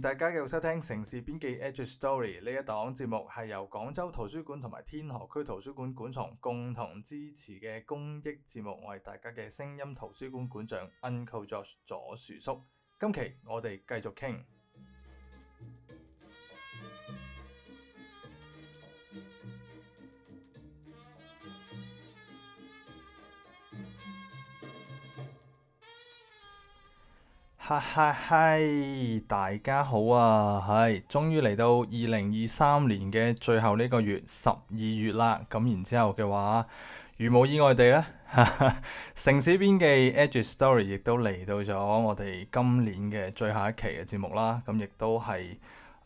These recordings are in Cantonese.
大家繼續收聽城事邊記 Edge Story 呢一檔節目，係由廣州圖書館同埋天河區圖書館館藏共同支持嘅公益節目，我係大家嘅聲音圖書館館長 Uncle Josh 左樹叔。今期我哋繼續傾。嗨嗨嗨！大家好啊，係，終於嚟到二零二三年嘅最後呢個月十二月啦。咁然之後嘅話，如無意外地咧， 城事邊記 Edge Story 亦都嚟到咗我哋今年嘅最後一期嘅節目啦。咁亦都係。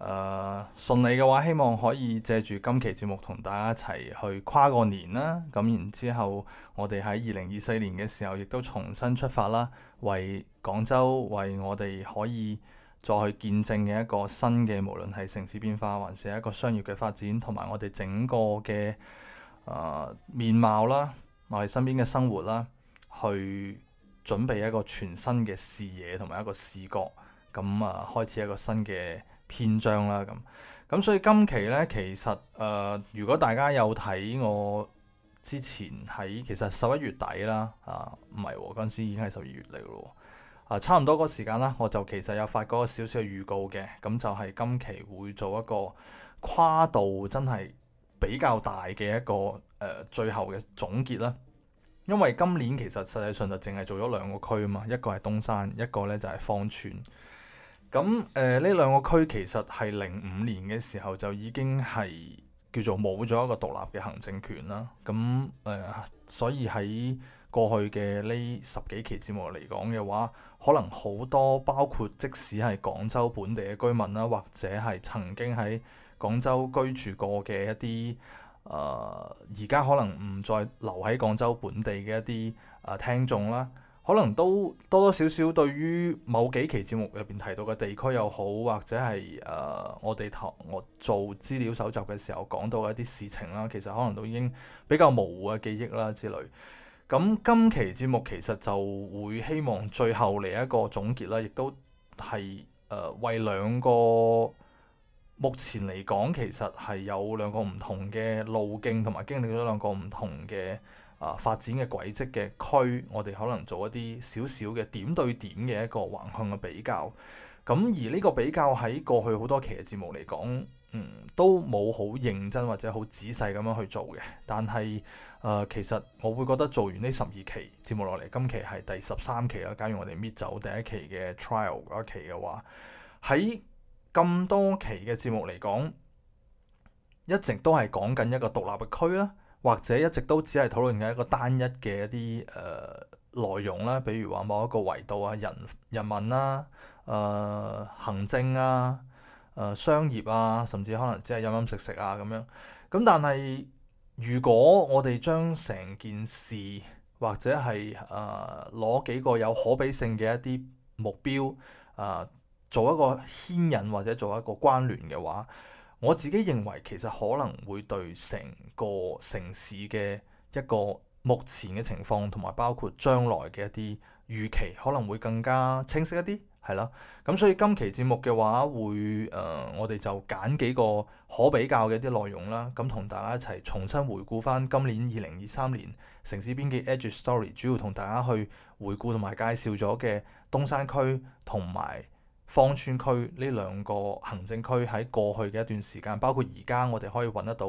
誒、uh，順利嘅話，希望可以借住今期節目同大家一齊去跨個年啦。咁然之後，我哋喺二零二四年嘅時候，亦都重新出發啦，為廣州、為我哋可以再去見證嘅一個新嘅，無論係城市變化，還是一個商業嘅發展，同埋我哋整個嘅誒、呃、面貌啦，我哋身邊嘅生活啦，去準備一個全新嘅視野同埋一個視角，咁啊開始一個新嘅篇章啦。咁，咁所以今期咧，其實誒、呃，如果大家有睇我之前喺其實十一月底啦，啊唔係嗰陣時已經係十二月嚟咯，啊差唔多嗰時間啦，我就其實有發過少少嘅預告嘅，咁就係今期會做一個跨度真係比較大嘅一個誒、呃、最後嘅總結啦，因為今年其實實際上就淨係做咗兩個區啊嘛，一個係東山，一個咧就係芳村。咁誒呢兩個區其實係零五年嘅時候就已經係叫做冇咗一個獨立嘅行政權啦。咁誒、呃，所以喺過去嘅呢十幾期節目嚟講嘅話，可能好多包括即使係廣州本地嘅居民啦，或者係曾經喺廣州居住過嘅一啲誒，呃、而家可能唔再留喺廣州本地嘅一啲誒、啊、聽眾啦。可能都多多少少對於某幾期節目入邊提到嘅地區又好，或者係誒、呃、我哋投我做資料蒐集嘅時候講到一啲事情啦，其實可能都已經比較模糊嘅記憶啦之類。咁今期節目其實就會希望最後嚟一個總結啦，亦都係誒、呃、為兩個目前嚟講其實係有兩個唔同嘅路徑同埋經歷咗兩個唔同嘅。啊，發展嘅軌跡嘅區，我哋可能做一啲少少嘅點對點嘅一個橫向嘅比較。咁、嗯、而呢個比較喺過去好多期嘅節目嚟講，嗯，都冇好認真或者好仔細咁樣去做嘅。但係，誒、呃，其實我會覺得做完呢十二期節目落嚟，今期係第十三期啦。假如我哋搣走第一期嘅 trial 嗰一期嘅話，喺咁多期嘅節目嚟講，一直都係講緊一個獨立嘅區啦。或者一直都只係討論緊一個單一嘅一啲誒內容啦，比如話某一個維度啊、人人民啦、誒行政啊、誒、呃、商業啊，甚至可能只係飲飲食食啊咁樣。咁但係如果我哋將成件事或者係誒攞幾個有可比性嘅一啲目標誒、呃，做一個牽引或者做一個關聯嘅話，我自己認為其實可能會對成個城市嘅一個目前嘅情況，同埋包括將來嘅一啲預期，可能會更加清晰一啲，係啦。咁、嗯、所以今期節目嘅話，會誒、呃、我哋就揀幾個可比較嘅一啲內容啦，咁、嗯、同大家一齊重新回顧翻今年二零二三年城市邊嘅 Edge Story，主要同大家去回顧同埋介紹咗嘅東山區同埋芳村區呢兩個行政區喺過去嘅一段時間，包括而家我哋可以揾得到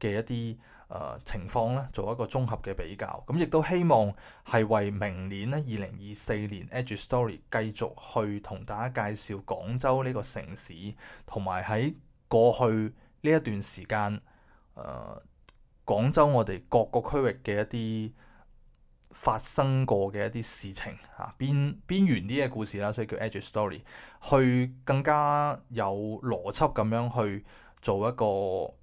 嘅一啲誒、呃、情況呢，做一個綜合嘅比較。咁、嗯、亦都希望係為明年呢，二零二四年 Edge Story 繼續去同大家介紹廣州呢個城市，同埋喺過去呢一段時間誒廣州我哋各個區域嘅一啲，發生過嘅一啲事情嚇邊邊緣啲嘅故事啦，所以叫 Edge Story，去更加有邏輯咁樣去做一個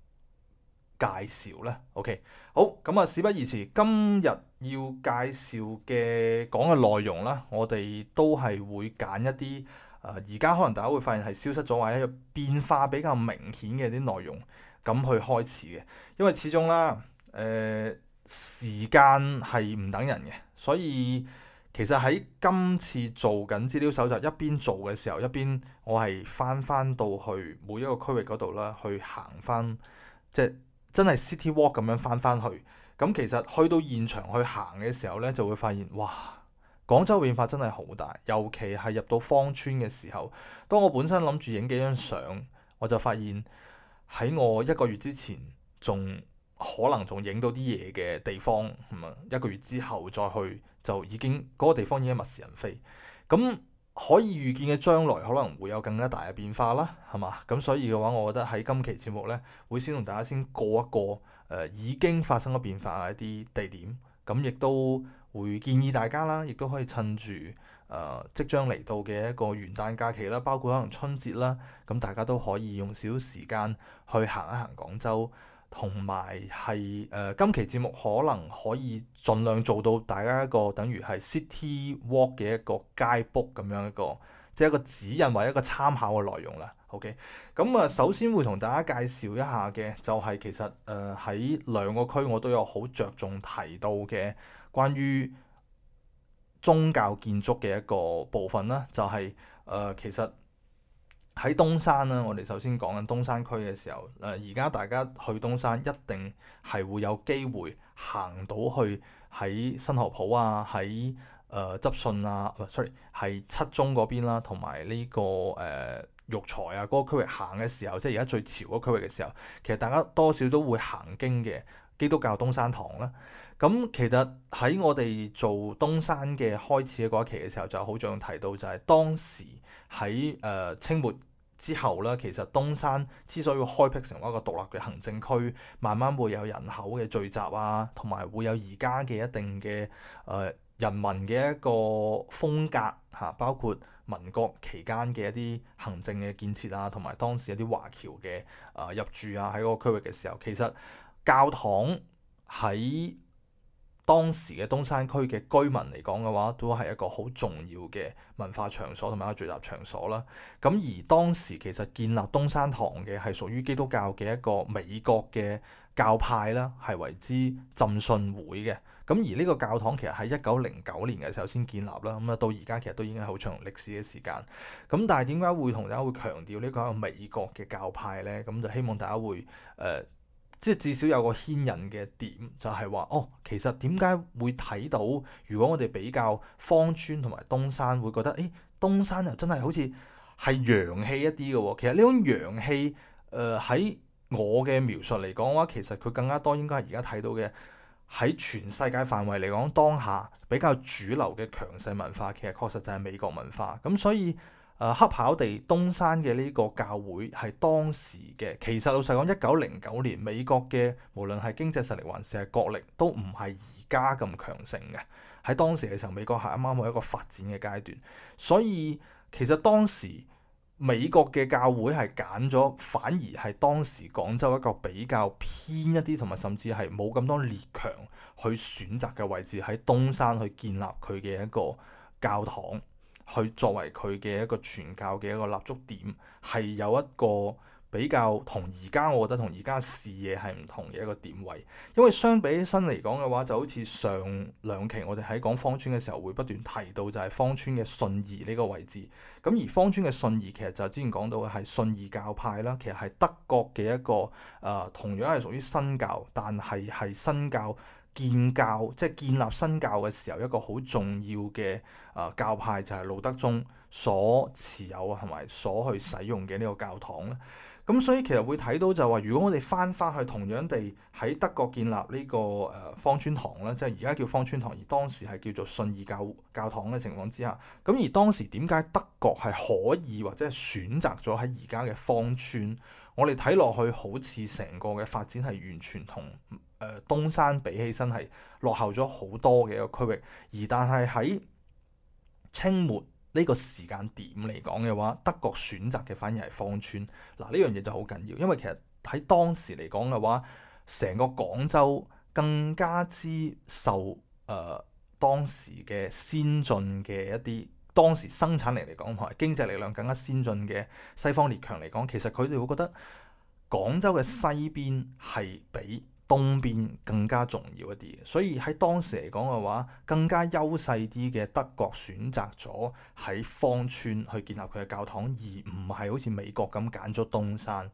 介紹啦。OK，好咁啊，事不宜遲，今日要介紹嘅講嘅內容啦，我哋都係會揀一啲誒而家可能大家會發現係消失咗或者變化比較明顯嘅啲內容咁去開始嘅，因為始終啦誒。呃時間係唔等人嘅，所以其實喺今次做緊資料搜集一邊做嘅時候，一邊我係翻翻到去每一個區域嗰度啦，去行翻即係真係 city walk 咁樣翻翻去。咁其實去到現場去行嘅時候呢，就會發現，哇，廣州變化真係好大，尤其係入到芳村嘅時候。當我本身諗住影幾張相，我就發現喺我一個月之前仲。可能仲影到啲嘢嘅地方，咁啊一個月之後再去，就已經嗰、那個地方已經物是人非。咁可以預見嘅將來可能會有更加大嘅變化啦，係嘛？咁所以嘅話，我覺得喺今期節目呢，會先同大家先過一過誒、呃、已經發生咗變化嘅一啲地點。咁亦都會建議大家啦，亦都可以趁住誒、呃、即將嚟到嘅一個元旦假期啦，包括可能春節啦，咁大家都可以用少少時間去行一行廣州。同埋係誒，今期節目可能可以盡量做到大家一個等於係 city walk 嘅一個街 book 咁樣一個，即係一個指引或者一個參考嘅內容啦。OK，咁啊首先會同大家介紹一下嘅就係其實誒喺、呃、兩個區我都有好着重提到嘅關於宗教建築嘅一個部分啦，就係、是、誒、呃、其實。喺東山啦，我哋首先講緊東山區嘅時候，誒而家大家去東山一定係會有機會行到去喺新河浦啊，喺誒、呃、執信啊，唔係，sorry 係七中嗰邊啦，同埋呢個誒育才啊嗰、嗰個區域行嘅時候，即係而家最潮嗰區域嘅時候，其實大家多少都會行經嘅，基督教東山堂啦，咁其實喺我哋做東山嘅開始嗰一期嘅時候，就好着重提到就係當時喺誒、呃、清末之後啦，其實東山之所以會開辟成為一個獨立嘅行政區，慢慢會有人口嘅聚集啊，同埋會有而家嘅一定嘅誒、呃、人民嘅一個風格嚇、啊，包括民國期間嘅一啲行政嘅建設啊，同埋當時一啲華僑嘅誒、呃、入住啊，喺嗰個區域嘅時候，其實。教堂喺當時嘅東山區嘅居民嚟講嘅話，都係一個好重要嘅文化場所同埋一個聚集場所啦。咁而當時其實建立東山堂嘅係屬於基督教嘅一個美國嘅教派啦，係為之浸信會嘅。咁而呢個教堂其實喺一九零九年嘅時候先建立啦。咁啊到而家其實都已經係好長歷史嘅時間。咁但係點解會同大家會強調呢個係美國嘅教派呢？咁就希望大家會誒。呃即至少有個牽引嘅點，就係話哦，其實點解會睇到？如果我哋比較芳村同埋東山，會覺得誒，東山又真係好似係洋氣一啲嘅。其實呢種洋氣，誒喺我嘅描述嚟講嘅話，其實佢更加多應該係而家睇到嘅喺全世界範圍嚟講，當下比較主流嘅強勢文化，其實確實就係美國文化。咁所以。誒、啊、黑跑地東山嘅呢個教會係當時嘅，其實老實講，一九零九年美國嘅無論係經濟實力還是係國力，都唔係而家咁強盛嘅。喺當時嘅時候，美國係啱啱喺一個發展嘅階段，所以其實當時美國嘅教會係揀咗，反而係當時廣州一個比較偏一啲，同埋甚至係冇咁多列強去選擇嘅位置，喺東山去建立佢嘅一個教堂。去作為佢嘅一個傳教嘅一個立足點，係有一個比較同而家，我覺得同而家視野係唔同嘅一個點位。因為相比起身嚟講嘅話，就好似上兩期我哋喺講芳村嘅時候，會不斷提到就係芳村嘅信義呢個位置。咁而芳村嘅信義，其實就之前講到嘅係信義教派啦，其實係德國嘅一個誒、呃，同樣係屬於新教，但係係新教，建教即係建立新教嘅時候，一個好重要嘅啊教派就係、是、路德宗所持有啊，同埋所去使用嘅呢個教堂咧。咁所以其實會睇到就話，如果我哋翻翻去同樣地喺德國建立呢個誒芳村堂咧，即係而家叫芳村堂，而當時係叫做信義教教堂嘅情況之下，咁而當時點解德國係可以或者係選擇咗喺而家嘅芳村，我哋睇落去好似成個嘅發展係完全同。誒、呃、東山比起身係落後咗好多嘅一個區域，而但係喺清末呢個時間點嚟講嘅話，德國選擇嘅反而係芳村嗱，呢樣嘢就好緊要，因為其實喺當時嚟講嘅話，成個廣州更加之受誒、呃、當時嘅先進嘅一啲當時生產力嚟講同埋經濟力量更加先進嘅西方列強嚟講，其實佢哋會覺得廣州嘅西邊係比東邊更加重要一啲，所以喺當時嚟講嘅話，更加優勢啲嘅德國選擇咗喺芳村去建立佢嘅教堂，而唔係好似美國咁揀咗東山。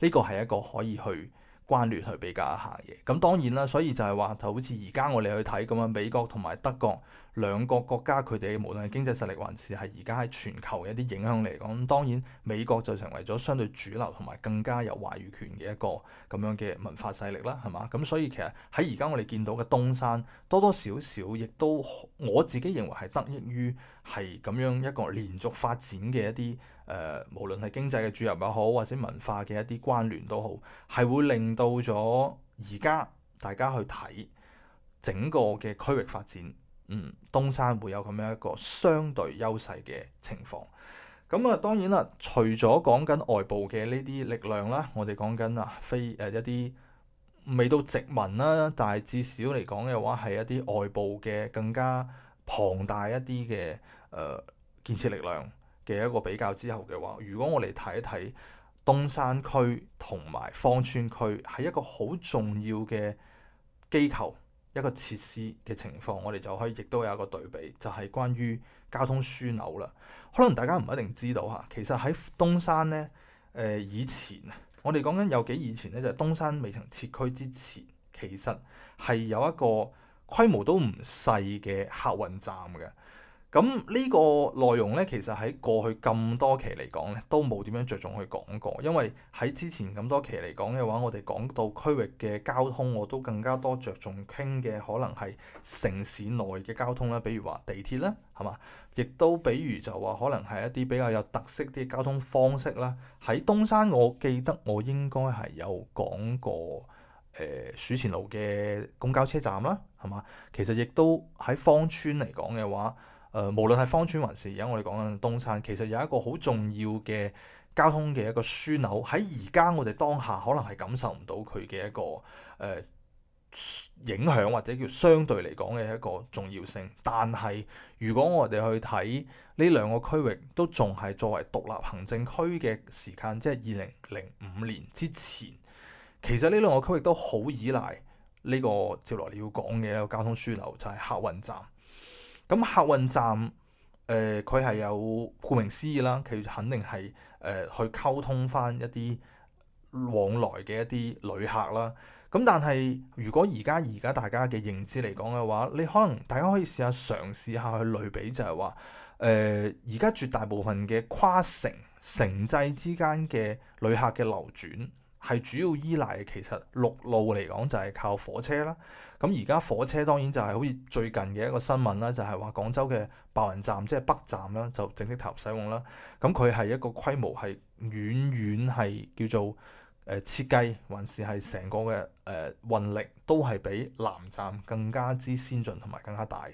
呢個係一個可以去關聯去比較一下嘅。咁當然啦，所以就係話就好似而家我哋去睇咁樣，美國同埋德國兩個國家，佢哋無論經濟實力還是係而家喺全球嘅一啲影響嚟講，當然美國就成為咗相對主流同埋更加有話語權嘅一個咁樣嘅文化勢力啦，係嘛？咁所以其實喺而家我哋見到嘅東山，多多少少亦都我自己認為係得益於係咁樣一個連續發展嘅一啲。誒、呃，無論係經濟嘅注入又好，或者文化嘅一啲關聯都好，係會令到咗而家大家去睇整個嘅區域發展，嗯，東山會有咁樣一個相對優勢嘅情況。咁、嗯、啊，當然啦，除咗講緊外部嘅呢啲力量啦，我哋講緊啊非誒、呃、一啲未到殖民啦、啊，但係至少嚟講嘅話係一啲外部嘅更加龐大一啲嘅誒建設力量。嘅一個比較之後嘅話，如果我哋睇一睇東山區同埋芳村區，係一個好重要嘅機構一個設施嘅情況，我哋就可以亦都有一個對比，就係、是、關於交通樞紐啦。可能大家唔一定知道吓，其實喺東山咧，誒、呃、以前啊，我哋講緊有幾以前咧，就係、是、東山未曾設區之前，其實係有一個規模都唔細嘅客運站嘅。咁呢個內容呢，其實喺過去咁多期嚟講咧，都冇點樣着重去講過。因為喺之前咁多期嚟講嘅話，我哋講到區域嘅交通，我都更加多着重傾嘅可能係城市內嘅交通啦，比如話地鐵啦，係嘛？亦都比如就話可能係一啲比較有特色啲嘅交通方式啦。喺東山，我記得我應該係有講過誒、呃、署前路嘅公交車站啦，係嘛？其實亦都喺芳村嚟講嘅話。誒、呃，無論係芳村還是而家我哋講緊東山，其實有一個好重要嘅交通嘅一個樞紐。喺而家我哋當下可能係感受唔到佢嘅一個誒、呃、影響，或者叫相對嚟講嘅一個重要性。但係如果我哋去睇呢兩個區域都仲係作為獨立行政區嘅時間，即係二零零五年之前，其實呢兩個區域都好依賴呢、這個接落嚟要講嘅一個交通樞紐，就係、是、客運站。咁、嗯、客運站，誒佢係有顧名思義啦，佢肯定係誒、呃、去溝通返一啲往來嘅一啲旅客啦。咁、嗯、但係如果而家而家大家嘅認知嚟講嘅話，你可能大家可以試下嘗試下去類比就，就係話誒而家絕大部分嘅跨城城際之間嘅旅客嘅流轉。係主要依賴嘅，其實陸路嚟講就係靠火車啦。咁而家火車當然就係好似最近嘅一個新聞啦，就係話廣州嘅白雲站即係北站啦，就正式投入使用啦。咁佢係一個規模係遠遠係叫做誒設計，還是係成個嘅誒運力都係比南站更加之先進同埋更加大。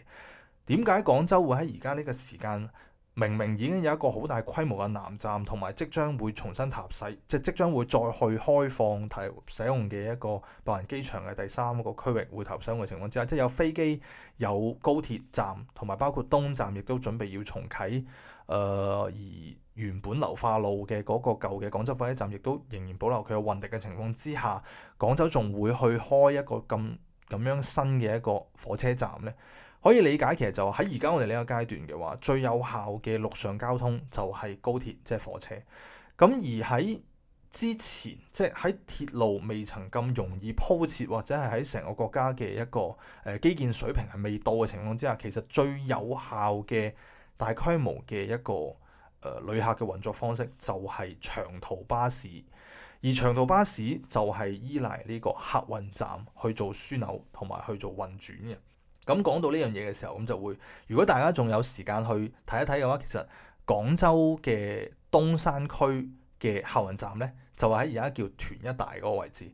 點解廣州會喺而家呢個時間？明明已經有一個好大規模嘅南站，同埋即將會重新塔洗，即即將會再去開放提使用嘅一個白雲機場嘅第三個區域會投商嘅情況之下，即有飛機、有高鐵站，同埋包括東站亦都準備要重啟。誒、呃，而原本流花路嘅嗰個舊嘅廣州火車站，亦都仍然保留佢嘅運力嘅情況之下，廣州仲會去開一個咁樣，咁樣新嘅一個火車站呢？可以理解，其實就喺而家我哋呢個階段嘅話，最有效嘅陸上交通就係高鐵，即係火車。咁而喺之前，即係喺鐵路未曾咁容易鋪設，或者係喺成個國家嘅一個誒基建水平係未到嘅情況之下，其實最有效嘅大規模嘅一個誒旅客嘅運作方式就係長途巴士。而長途巴士就係依賴呢個客運站去做樞紐同埋去做運轉嘅。咁講到呢樣嘢嘅時候，咁就會，如果大家仲有時間去睇一睇嘅話，其實廣州嘅東山區嘅客運站呢，就係喺而家叫團一大嗰個位置。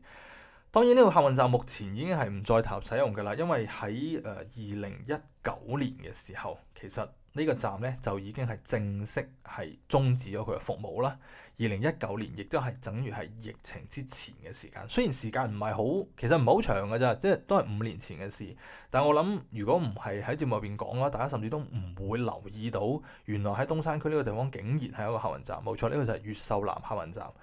當然呢個客運站目前已經係唔再投入使用㗎喇，因為喺誒二零一九年嘅時候，其實，呢個站呢，就已經係正式係中止咗佢嘅服務啦。二零一九年亦都係等於係疫情之前嘅時間，雖然時間唔係好，其實唔係好長㗎咋，即係都係五年前嘅事。但我諗，如果唔係喺節目入邊講嘅話，大家甚至都唔會留意到，原來喺東山區呢個地方竟然係一個客運站。冇錯，呢個就係越秀南客運站。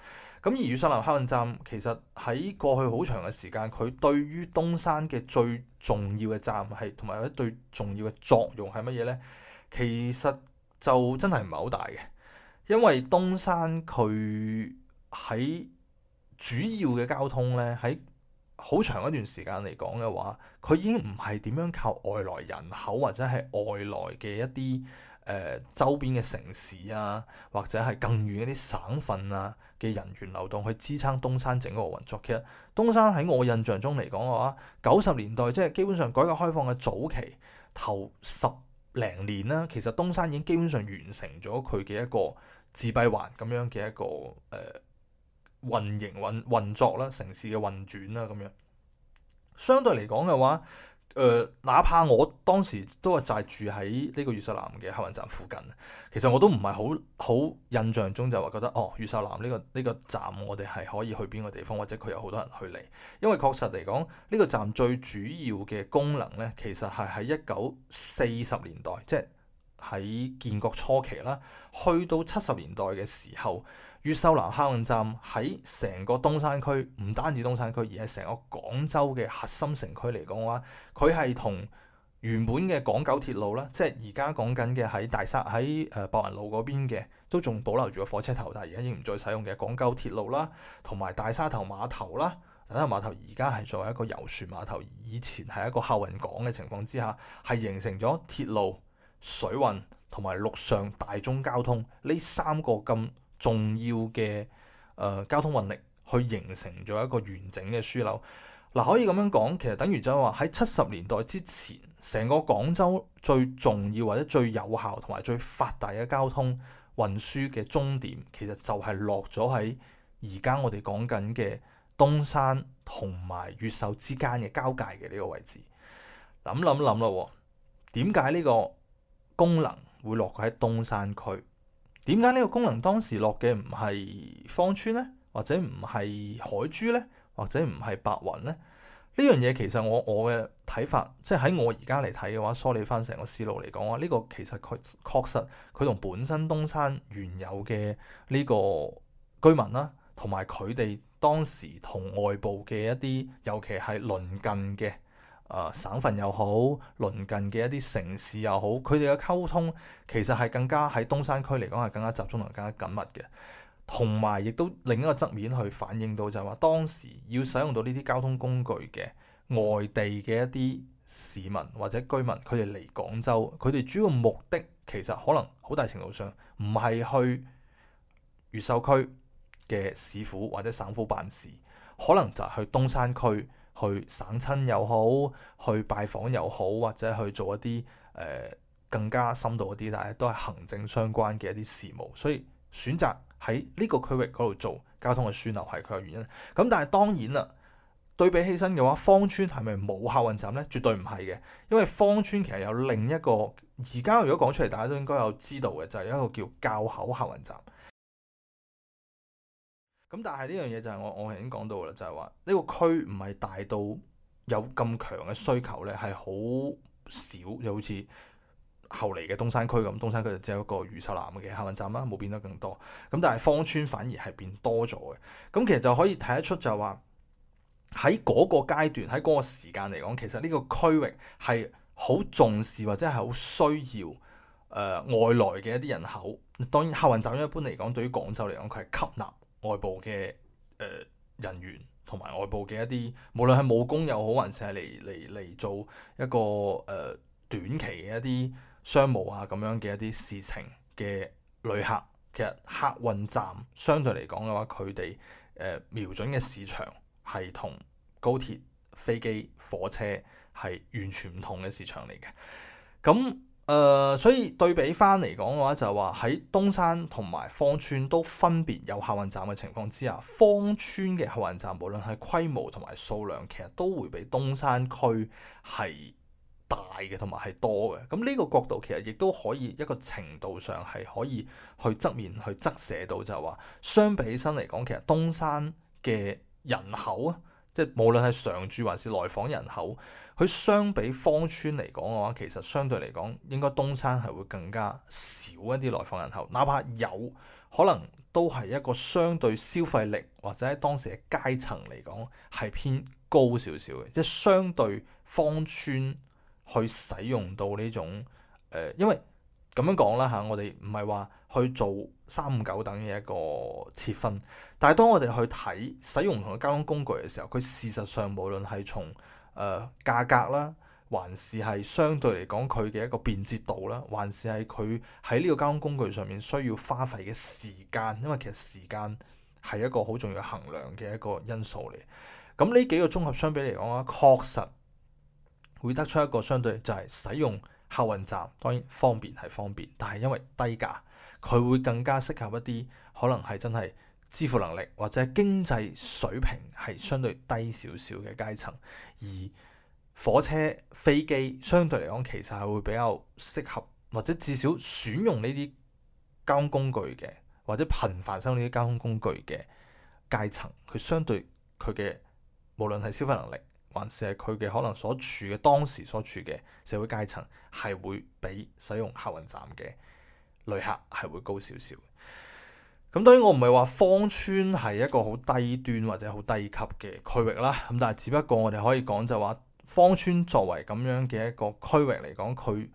咁而越秀南客運站其實喺過去好長嘅時間，佢對於東山嘅最重要嘅站係同埋或者最重要嘅作用係乜嘢呢？其實就真係唔係好大嘅，因為東山佢喺主要嘅交通呢，喺好長一段時間嚟講嘅話，佢已經唔係點樣靠外來人口或者係外來嘅一啲誒、呃、周邊嘅城市啊，或者係更遠一啲省份啊嘅人員流動去支撐東山整個運作。其實東山喺我印象中嚟講嘅話，九十年代即係基本上改革開放嘅早期頭十零年啦，其實東山已經基本上完成咗佢嘅一個自閉環咁樣嘅一個誒、呃、運營運運作啦，城市嘅運轉啦咁樣，相對嚟講嘅話。誒、呃，哪怕我當時都係就係住喺呢個越秀南嘅客運站附近，其實我都唔係好好印象中就話覺得，哦，越秀南呢個呢個站我哋係可以去邊個地方，或者佢有好多人去嚟，因為確實嚟講，呢個站最主要嘅功能呢，其實係喺一九四十年代，即係。喺建國初期啦，去到七十年代嘅時候，越秀南客運站喺成個東山區，唔單止東山區，而係成個廣州嘅核心城區嚟講嘅話，佢係同原本嘅廣九鐵路啦，即係而家講緊嘅喺大沙喺誒白雲路嗰邊嘅，都仲保留住個火車頭，但係而家已經唔再使用嘅廣九鐵路啦，同埋大沙頭碼頭啦，大沙頭碼頭而家係作為一個遊船碼頭，以前係一個客運港嘅情況之下，係形成咗鐵路。水運同埋陸上大中交通呢三個咁重要嘅誒、呃、交通運力，去形成咗一個完整嘅樞紐嗱。可以咁樣講，其實等於就係話喺七十年代之前，成個廣州最重要或者最有效同埋最發達嘅交通運輸嘅終點，其實就係落咗喺而家我哋講緊嘅東山同埋越秀之間嘅交界嘅呢個位置。諗諗諗啦，點解呢個？功能會落喺東山區，點解呢個功能當時落嘅唔係芳村呢？或者唔係海珠呢？或者唔係白雲呢？呢樣嘢其實我我嘅睇法，即係喺我而家嚟睇嘅話，梳理翻成個思路嚟講話，呢個其實佢確實佢同本身東山原有嘅呢個居民啦，同埋佢哋當時同外部嘅一啲，尤其係鄰近嘅。誒、啊、省份又好，鄰近嘅一啲城市又好，佢哋嘅溝通其實係更加喺東山區嚟講係更加集中同更加緊密嘅。同埋亦都另一個側面去反映到就係話，當時要使用到呢啲交通工具嘅外地嘅一啲市民或者居民，佢哋嚟廣州，佢哋主要的目的其實可能好大程度上唔係去越秀區嘅市府或者省府辦事，可能就係去東山區。去省親又好，去拜訪又好，或者去做一啲誒、呃、更加深度嗰啲，但係都係行政相關嘅一啲事務，所以選擇喺呢個區域嗰度做交通嘅樞紐係佢嘅原因。咁但係當然啦，對比起身嘅話，芳村係咪冇客運站呢？絕對唔係嘅，因為芳村其實有另一個，而家如果講出嚟，大家都應該有知道嘅，就係、是、一個叫滘口客運站。咁但係呢樣嘢就係我我係已經講到啦，就係話呢個區唔係大到有咁強嘅需求咧，係好少。又好似後嚟嘅東山區咁，東山區就只有一個越秀南嘅客運站啦，冇變得更多。咁但係芳村反而係變多咗嘅。咁其實就可以睇得出就係話喺嗰個階段喺嗰個時間嚟講，其實呢個區域係好重視或者係好需要誒、呃、外來嘅一啲人口。當然客運站一般嚟講，對於廣州嚟講，佢係吸納。外部嘅誒人員同埋外部嘅一啲，無論係務工又好，還是係嚟嚟嚟做一個誒、呃、短期嘅一啲商務啊，咁樣嘅一啲事情嘅旅客，其實客運站相對嚟講嘅話，佢哋誒瞄準嘅市場係同高鐵、飛機、火車係完全唔同嘅市場嚟嘅，咁。誒、呃，所以對比翻嚟講嘅話，就係話喺東山同埋芳村都分別有客運站嘅情況之下，芳村嘅客運站無論係規模同埋數量，其實都會比東山區係大嘅同埋係多嘅。咁呢個角度其實亦都可以一個程度上係可以去側面去側寫到就，就係話相比起身嚟講，其實東山嘅人口啊。即係無論係常住還是來訪人口，佢相比芳村嚟講嘅話，其實相對嚟講應該東山係會更加少一啲來訪人口。哪怕有可能都係一個相對消費力或者喺當時嘅階層嚟講係偏高少少嘅，即係相對芳村去使用到呢種誒、呃，因為。咁樣講啦嚇，我哋唔係話去做三五九等嘅一個切分，但係當我哋去睇使用唔同嘅交通工具嘅時候，佢事實上無論係從誒、呃、價格啦，還是係相對嚟講佢嘅一個便捷度啦，還是係佢喺呢個交通工具上面需要花費嘅時間，因為其實時間係一個好重要衡量嘅一個因素嚟。咁呢幾個綜合相比嚟講啊，確實會得出一個相對就係使用。客運站當然方便係方便，但係因為低價，佢會更加適合一啲可能係真係支付能力或者係經濟水平係相對低少少嘅階層。而火車、飛機相對嚟講，其實係會比較適合或者至少選用呢啲交通工具嘅，或者頻繁使用呢啲交通工具嘅階層，佢相對佢嘅無論係消費能力，還是係佢嘅可能所處嘅當時所處嘅社會階層，係會比使用客運站嘅旅客係會高少少。咁當然我唔係話芳村係一個好低端或者好低級嘅區域啦。咁但係只不過我哋可以講就係話芳村作為咁樣嘅一個區域嚟講，佢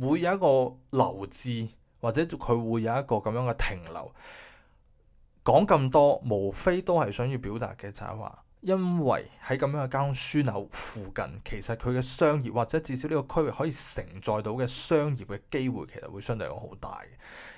會有一個留置或者佢會有一個咁樣嘅停留。講咁多，無非都係想要表達嘅就係話。因為喺咁樣嘅交通樞紐附近，其實佢嘅商業或者至少呢個區域可以承載到嘅商業嘅機會，其實會相對好大。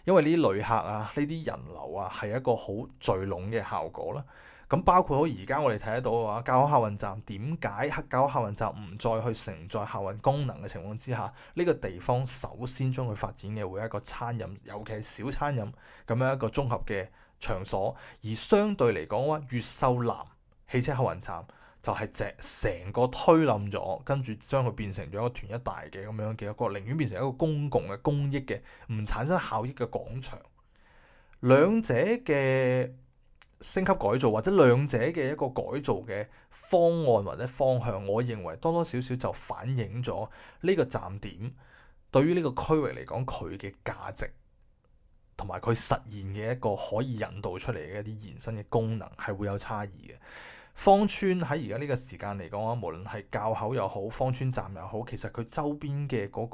因為呢啲旅客啊，呢啲人流啊，係一個好聚攏嘅效果啦。咁包括好而家我哋睇得到嘅話，滘口客運站點解喺滘口客運站唔再去承載客運功能嘅情況之下，呢、這個地方首先將佢發展嘅會一個餐飲，尤其係小餐飲咁樣一個綜合嘅場所，而相對嚟講嘅話，越秀南。汽車客運站就係成成個推冧咗，跟住將佢變成咗一個團一大嘅咁樣嘅一個，寧願變成一個公共嘅公益嘅，唔產生效益嘅廣場。兩者嘅升級改造，或者兩者嘅一個改造嘅方案或者方向，我認為多多少少就反映咗呢個站點對於呢個區域嚟講，佢嘅價值同埋佢實現嘅一個可以引導出嚟嘅一啲延伸嘅功能係會有差異嘅。芳村喺而家呢個時間嚟講啊，無論係滘口又好，芳村站又好，其實佢周邊嘅嗰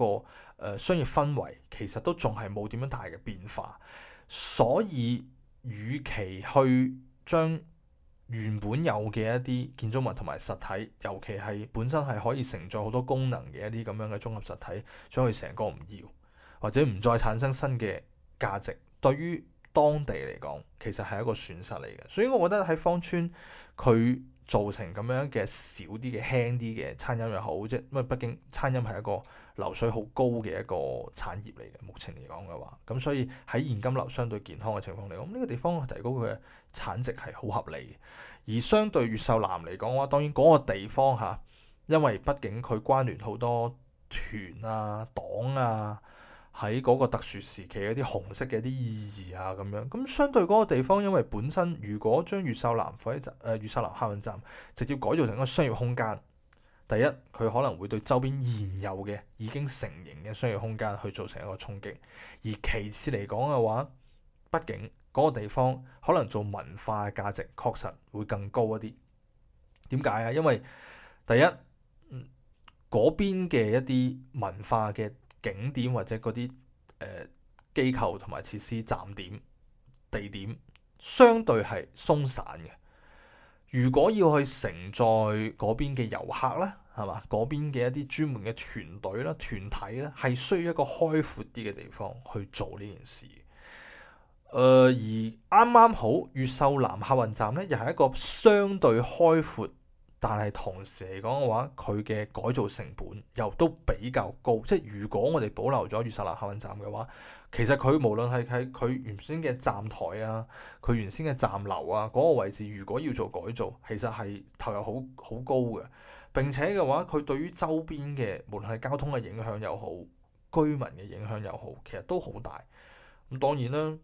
個誒商業氛圍其實都仲係冇點樣大嘅變化。所以，與其去將原本有嘅一啲建築物同埋實體，尤其係本身係可以承載好多功能嘅一啲咁樣嘅綜合實體，將佢成個唔要，或者唔再產生新嘅價值，對於當地嚟講，其實係一個損失嚟嘅，所以我覺得喺芳村佢造成咁樣嘅少啲嘅輕啲嘅餐飲又好，即係乜？因為畢竟餐飲係一個流水好高嘅一個產業嚟嘅，目前嚟講嘅話，咁所以喺現金流相對健康嘅情況嚟講，呢個地方提高佢嘅產值係好合理嘅。而相對越秀南嚟講嘅話，當然嗰個地方嚇，因為畢竟佢關聯好多團啊、黨啊。喺嗰個特殊時期一啲紅色嘅一啲意義啊咁樣，咁相對嗰個地方，因為本身如果將越秀南火車站、誒、呃、越秀南客運站直接改造成一個商業空間，第一佢可能會對周邊現有嘅已經成型嘅商業空間去造成一個衝擊，而其次嚟講嘅話，畢竟嗰個地方可能做文化嘅價值確實會更高一啲。點解啊？因為第一嗰、嗯、邊嘅一啲文化嘅。景點或者嗰啲誒機構同埋設施站點地點，相對係鬆散嘅。如果要去承載嗰邊嘅遊客啦，係咪？嗰邊嘅一啲專門嘅團隊啦、團體啦，係需要一個開闊啲嘅地方去做呢件事。誒、呃，而啱啱好越秀南客運站咧，又係一個相對開闊。但係同時嚟講嘅話，佢嘅改造成本又都比較高。即係如果我哋保留咗越秀南客運站嘅話，其實佢無論係喺佢原先嘅站台啊、佢原先嘅站樓啊嗰個位置，如果要做改造，其實係投入好好高嘅。並且嘅話，佢對於周邊嘅無論係交通嘅影響又好，居民嘅影響又好，其實都好大。咁當然啦。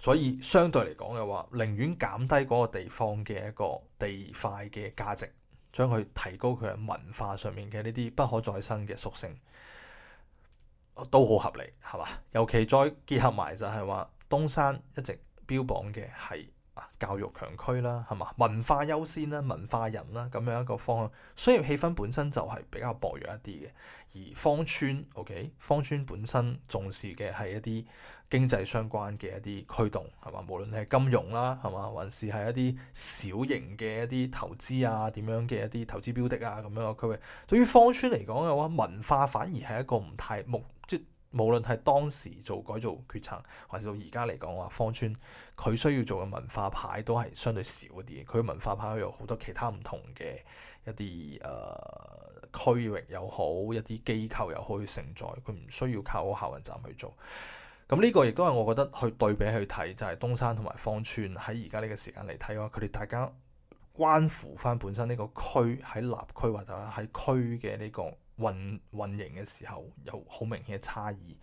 所以相對嚟講嘅話，寧願減低嗰個地方嘅一個地塊嘅價值，將佢提高佢嘅文化上面嘅呢啲不可再生嘅屬性，都好合理，係嘛？尤其再結合埋就係話，東山一直標榜嘅係教育強區啦，係嘛？文化優先啦，文化人啦，咁樣一個方向，商業氣氛本身就係比較薄弱一啲嘅。而芳村，OK，芳村本身重視嘅係一啲。經濟相關嘅一啲驅動，係嘛？無論你係金融啦係嘛，還是係一啲小型嘅一啲投資啊，點樣嘅一啲投資標的啊，咁樣嘅區域，對於芳村嚟講嘅話，文化反而係一個唔太目，即係無論係當時做改造決策，還是到而家嚟講話芳村，佢需要做嘅文化牌都係相對少一啲嘅。佢嘅文化牌有好多其他唔同嘅一啲誒，區域又好，一啲機構又好去承載，佢唔需要靠個客運站去做。咁呢個亦都係我覺得去對比去睇，就係、是、東山同埋芳村喺而家呢個時間嚟睇嘅話，佢哋大家關乎返本身呢個區喺立區或者喺區嘅呢個運運營嘅時候有好明顯嘅差異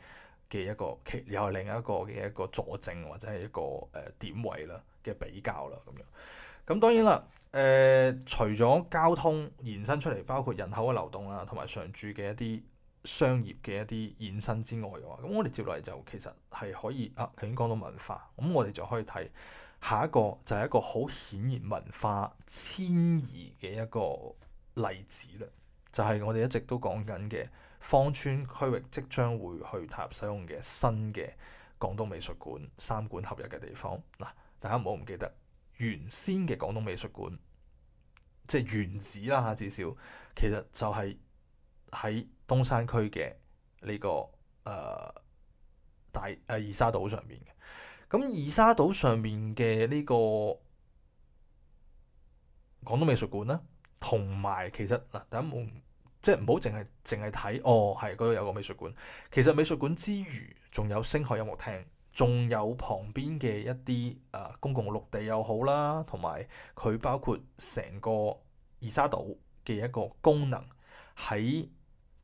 嘅一個，其又係另一個嘅一個佐證或者係一個誒、呃、點位啦嘅比較啦咁樣。咁當然啦，誒、呃、除咗交通延伸出嚟，包括人口嘅流動啊，同埋常住嘅一啲。商業嘅一啲衍生之外嘅話，咁我哋接落嚟就其實係可以啊。頭先講到文化，咁我哋就可以睇下一個就係一個好顯然文化遷移嘅一個例子啦。就係、是、我哋一直都講緊嘅芳村區域即將會去踏入使用嘅新嘅廣東美術館三館合一嘅地方嗱。大家唔好唔記得原先嘅廣東美術館，即係原址啦嚇，至少其實就係喺。東山區嘅呢個誒、呃、大誒二沙島上面嘅咁二沙島上面嘅呢個廣東美術館啦，同埋其實嗱，大家冇即係唔好淨係淨係睇哦，係嗰度有個美術館。其實美術館之餘，仲有星海音樂廳，仲有旁邊嘅一啲誒、呃、公共綠地又好啦，同埋佢包括成個二沙島嘅一個功能喺。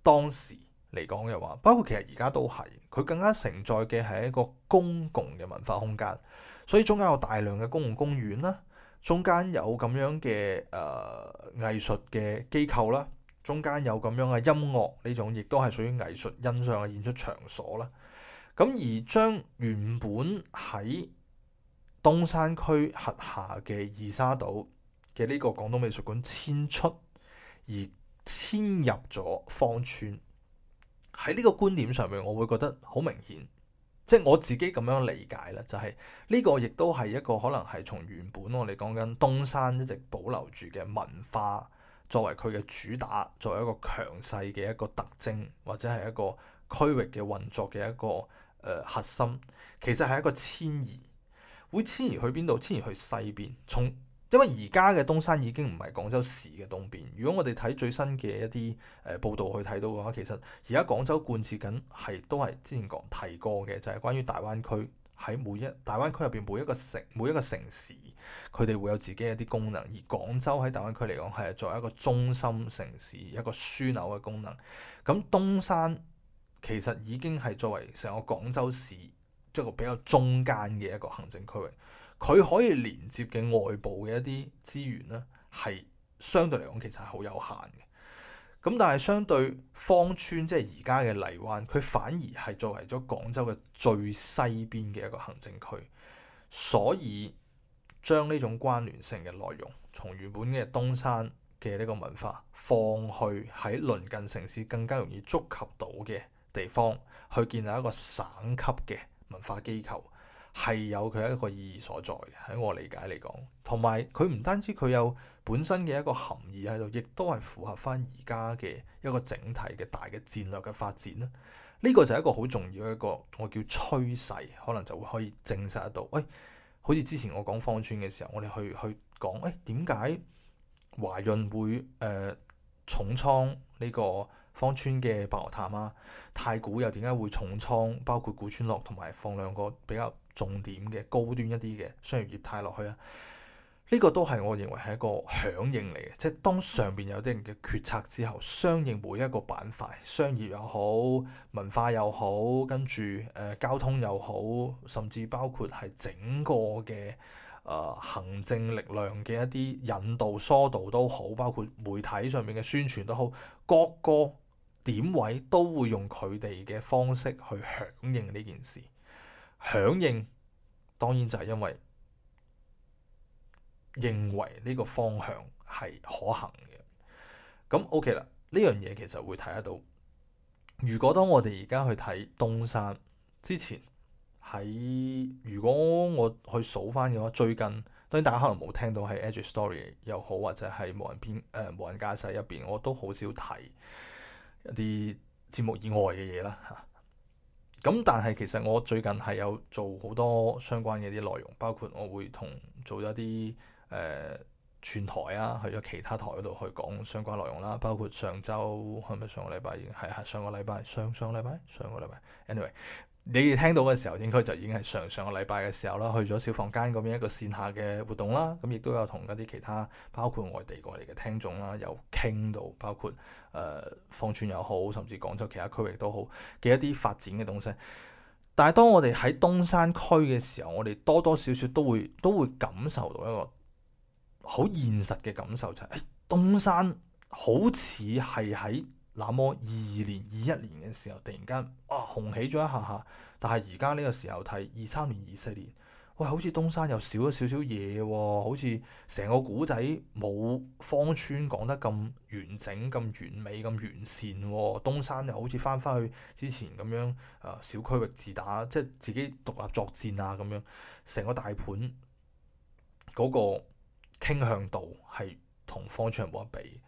當時嚟講嘅話，包括其實而家都係，佢更加承載嘅係一個公共嘅文化空間，所以中間有大量嘅公共公園啦，中間有咁樣嘅誒、呃、藝術嘅機構啦，中間有咁樣嘅音樂呢種，亦都係屬於藝術欣賞嘅演出場所啦。咁而將原本喺東山區轄下嘅二沙島嘅呢個廣東美術館遷出而。遷入咗芳村，喺呢個觀點上面，我會覺得好明顯，即係我自己咁樣理解啦，就係呢個亦都係一個可能係從原本我哋講緊東山一直保留住嘅文化作為佢嘅主打，作為一個強勢嘅一個特徵，或者係一個區域嘅運作嘅一個誒核心，其實係一個遷移，會遷移去邊度？遷移去西邊，從。因為而家嘅東山已經唔係廣州市嘅東邊。如果我哋睇最新嘅一啲誒、呃、報道去睇到嘅話，其實而家廣州貫徹緊係都係之前講提過嘅，就係、是、關於大灣區喺每一大灣區入邊每一個城每一個城市，佢哋會有自己一啲功能。而廣州喺大灣區嚟講係作為一個中心城市，一個樞紐嘅功能。咁東山其實已經係作為成個廣州市一個比較中間嘅一個行政區域。佢可以連接嘅外部嘅一啲資源呢，係相對嚟講其實係好有限嘅。咁但係相對芳村即係而家嘅荔灣，佢反而係作為咗廣州嘅最西邊嘅一個行政區，所以將呢種關聯性嘅內容，從原本嘅東山嘅呢個文化放去喺鄰近城市更加容易觸及到嘅地方，去建立一個省級嘅文化機構。係有佢一個意義所在，喺我理解嚟講，同埋佢唔單止佢有本身嘅一個含義喺度，亦都係符合翻而家嘅一個整體嘅大嘅戰略嘅發展啦。呢、這個就係一個好重要一個我叫趨勢，可能就會可以證實得到。喂、哎，好似之前我講芳村嘅時候，我哋去去講，誒點解華潤會誒、呃、重倉呢個芳村嘅白鵝潭啊？太古又點解會重倉？包括古村落同埋放兩個比較。重點嘅高端一啲嘅商業業態落去啊！呢個都係我認為係一個響應嚟嘅，即係當上邊有啲人嘅決策之後，相應每一個板塊，商業又好，文化又好，跟住誒交通又好，甚至包括係整個嘅誒行政力量嘅一啲引導、疏導都好，包括媒體上面嘅宣傳都好，各個點位都會用佢哋嘅方式去響應呢件事。響應當然就係因為認為呢個方向係可行嘅。咁 OK 啦，呢樣嘢其實會睇得到。如果當我哋而家去睇東山之前喺，如果我去數翻嘅話，最近當然大家可能冇聽到喺 Edge Story 又好，或者係無人編誒、呃、無人駕駛入邊，我都好少睇一啲節目以外嘅嘢啦嚇。咁但係其實我最近係有做好多相關嘅啲內容，包括我會同做一啲誒串台啊，去咗其他台度去講相關內容啦，包括上週係咪上個禮拜？已經係啊，上個禮拜上上個禮拜上個禮拜。anyway。你哋聽到嘅時候，應該就已經係上上個禮拜嘅時候啦，去咗小房間嗰邊一個線下嘅活動啦，咁亦都有同一啲其他包括外地過嚟嘅聽眾啦，有傾到，包括誒、呃、芳村又好，甚至廣州其他區域都好嘅一啲發展嘅東西。但係當我哋喺東山區嘅時候，我哋多多少少都會都會感受到一個好現實嘅感受，就係、誒、東山好似係喺。那麼二二年、二一年嘅時候，突然間啊，紅起咗一下下，但係而家呢個時候睇二三年、二四年，喂，好似東山又少咗少少嘢，哦，好似成個古仔冇芳村講得咁完整、咁完美、咁完善，哦，東山又好似翻返去之前咁樣，誒、啊，小區域自打，即係自己獨立作戰啊咁樣，成個大盤嗰個傾向度係同芳村冇得比。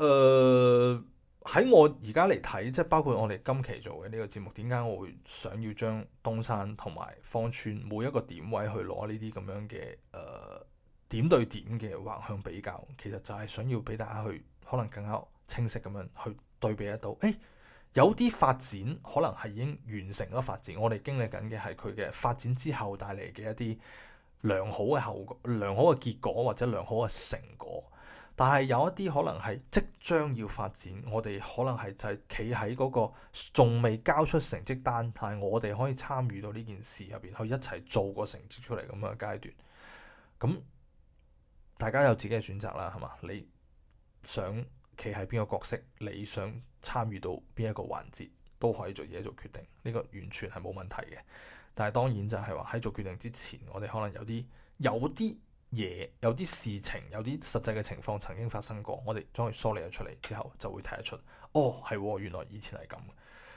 誒喺、uh, 我而家嚟睇，即係包括我哋今期做嘅呢個節目，點解我會想要將東山同埋芳村每一個點位去攞呢啲咁樣嘅誒、uh, 點對點嘅橫向比較，其實就係想要俾大家去可能更加清晰咁樣去對比得到，誒、欸，有啲發展可能係已經完成咗發展，我哋經歷緊嘅，係佢嘅發展之後帶嚟嘅一啲良好嘅後果、良好嘅結果或者良好嘅成果。但係有一啲可能係即將要發展，我哋可能係就係企喺嗰個仲未交出成績單，但係我哋可以參與到呢件事入邊，去一齊做個成績出嚟咁嘅階段。咁大家有自己嘅選擇啦，係嘛？你想企喺邊個角色，你想參與到邊一個環節，都可以做嘢做決定。呢個完全係冇問題嘅。但係當然就係話喺做決定之前，我哋可能有啲有啲嘢有啲事情，有啲實際嘅情況曾經發生過，我哋將佢梳理咗出嚟之後，就會睇得出，哦，係，原來以前係咁。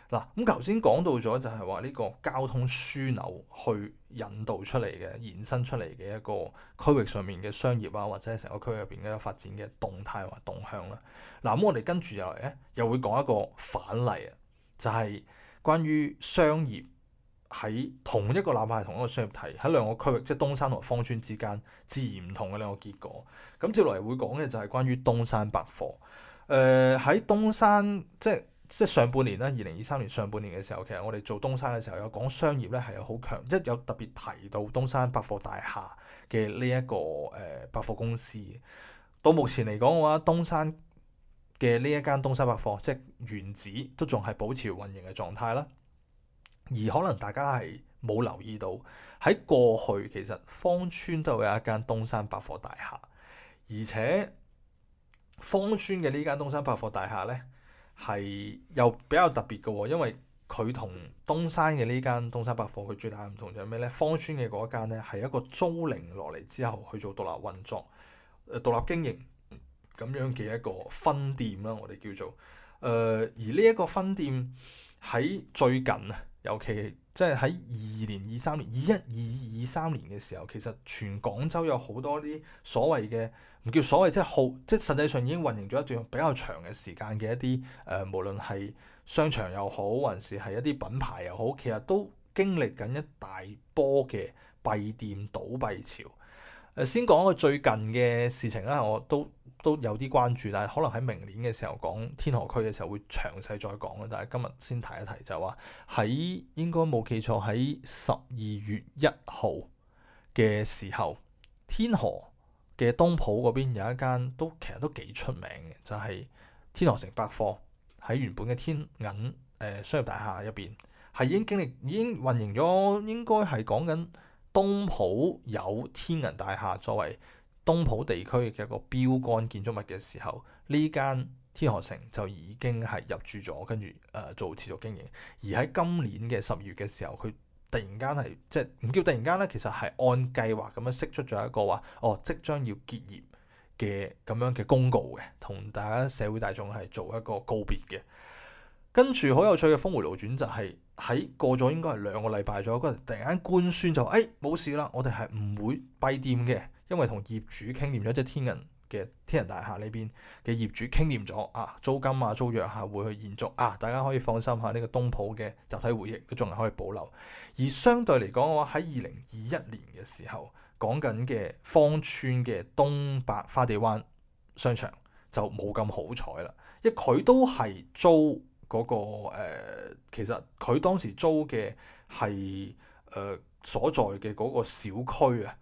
嗱、啊，咁頭先講到咗就係話呢個交通樞紐去引導出嚟嘅、延伸出嚟嘅一個區域上面嘅商業啊，或者係成個區域入邊嘅發展嘅動態或動向啦、啊。咁、啊嗯、我哋跟住入嚟咧，又會講一個反例啊，就係、是、關於商業。喺同一個哪怕係同一個商業體，喺兩個區域，即係東山和芳村之間，自然唔同嘅兩個結果。咁接落嚟會講嘅就係關於東山百貨。誒、呃、喺東山，即係即係上半年啦，二零二三年上半年嘅時候，其實我哋做東山嘅時候，有講商業咧係有好強，即係有特別提到東山百貨大廈嘅呢一個誒百貨公司。到目前嚟講嘅話，東山嘅呢一間東山百貨，即係原址都仲係保持運營嘅狀態啦。而可能大家係冇留意到喺過去，其實芳村都有一間東山百貨大廈，而且芳村嘅呢間東山百貨大廈呢係又比較特別嘅、哦，因為佢同東山嘅呢間東山百貨佢最大唔同就係咩呢？芳村嘅嗰間呢係一個租賃落嚟之後去做獨立運作、獨立經營咁樣嘅一個分店啦，我哋叫做誒、呃。而呢一個分店喺最近啊～尤其即係喺二年二三年，二一二二三年嘅時候，其實全廣州有好多啲所謂嘅唔叫所謂，即係好，即係實際上已經運營咗一段比較長嘅時間嘅一啲誒、呃，無論係商場又好，還是係一啲品牌又好，其實都經歷緊一大波嘅閉店倒閉潮。誒先講一個最近嘅事情啦，我都都有啲關注，但係可能喺明年嘅時候講天河區嘅時候會詳細再講啦。但係今日先提一提就，就話喺應該冇記錯喺十二月一號嘅時候，天河嘅東圃嗰邊有一間都其實都幾出名嘅，就係、是、天河城百貨喺原本嘅天銀誒商業大廈入邊，係已經經歷已經運營咗，應該係講緊。東圃有天銀大廈作為東圃地區嘅一個標杆建築物嘅時候，呢間天河城就已經係入住咗，跟住誒做持續經營。而喺今年嘅十二月嘅時候，佢突然間係即係唔叫突然間咧，其實係按計劃咁樣釋出咗一個話哦，即將要結業嘅咁樣嘅公告嘅，同大家社會大眾係做一個告別嘅。跟住好有趣嘅峰回路轉就係喺過咗應該係兩個禮拜左右嗰陣，突然間官宣就誒冇、哎、事啦。我哋係唔會閉店嘅，因為同業主傾掂咗，即天銀嘅天銀大廈呢邊嘅業主傾掂咗啊，租金啊租約係會去延續啊。大家可以放心下，呢個東圃嘅集體回憶都仲係可以保留。而相對嚟講嘅話，喺二零二一年嘅時候講緊嘅芳村嘅東百花地灣商場就冇咁好彩啦，因為佢都係租。嗰、那個、呃、其實佢當時租嘅係誒所在嘅嗰個小區啊，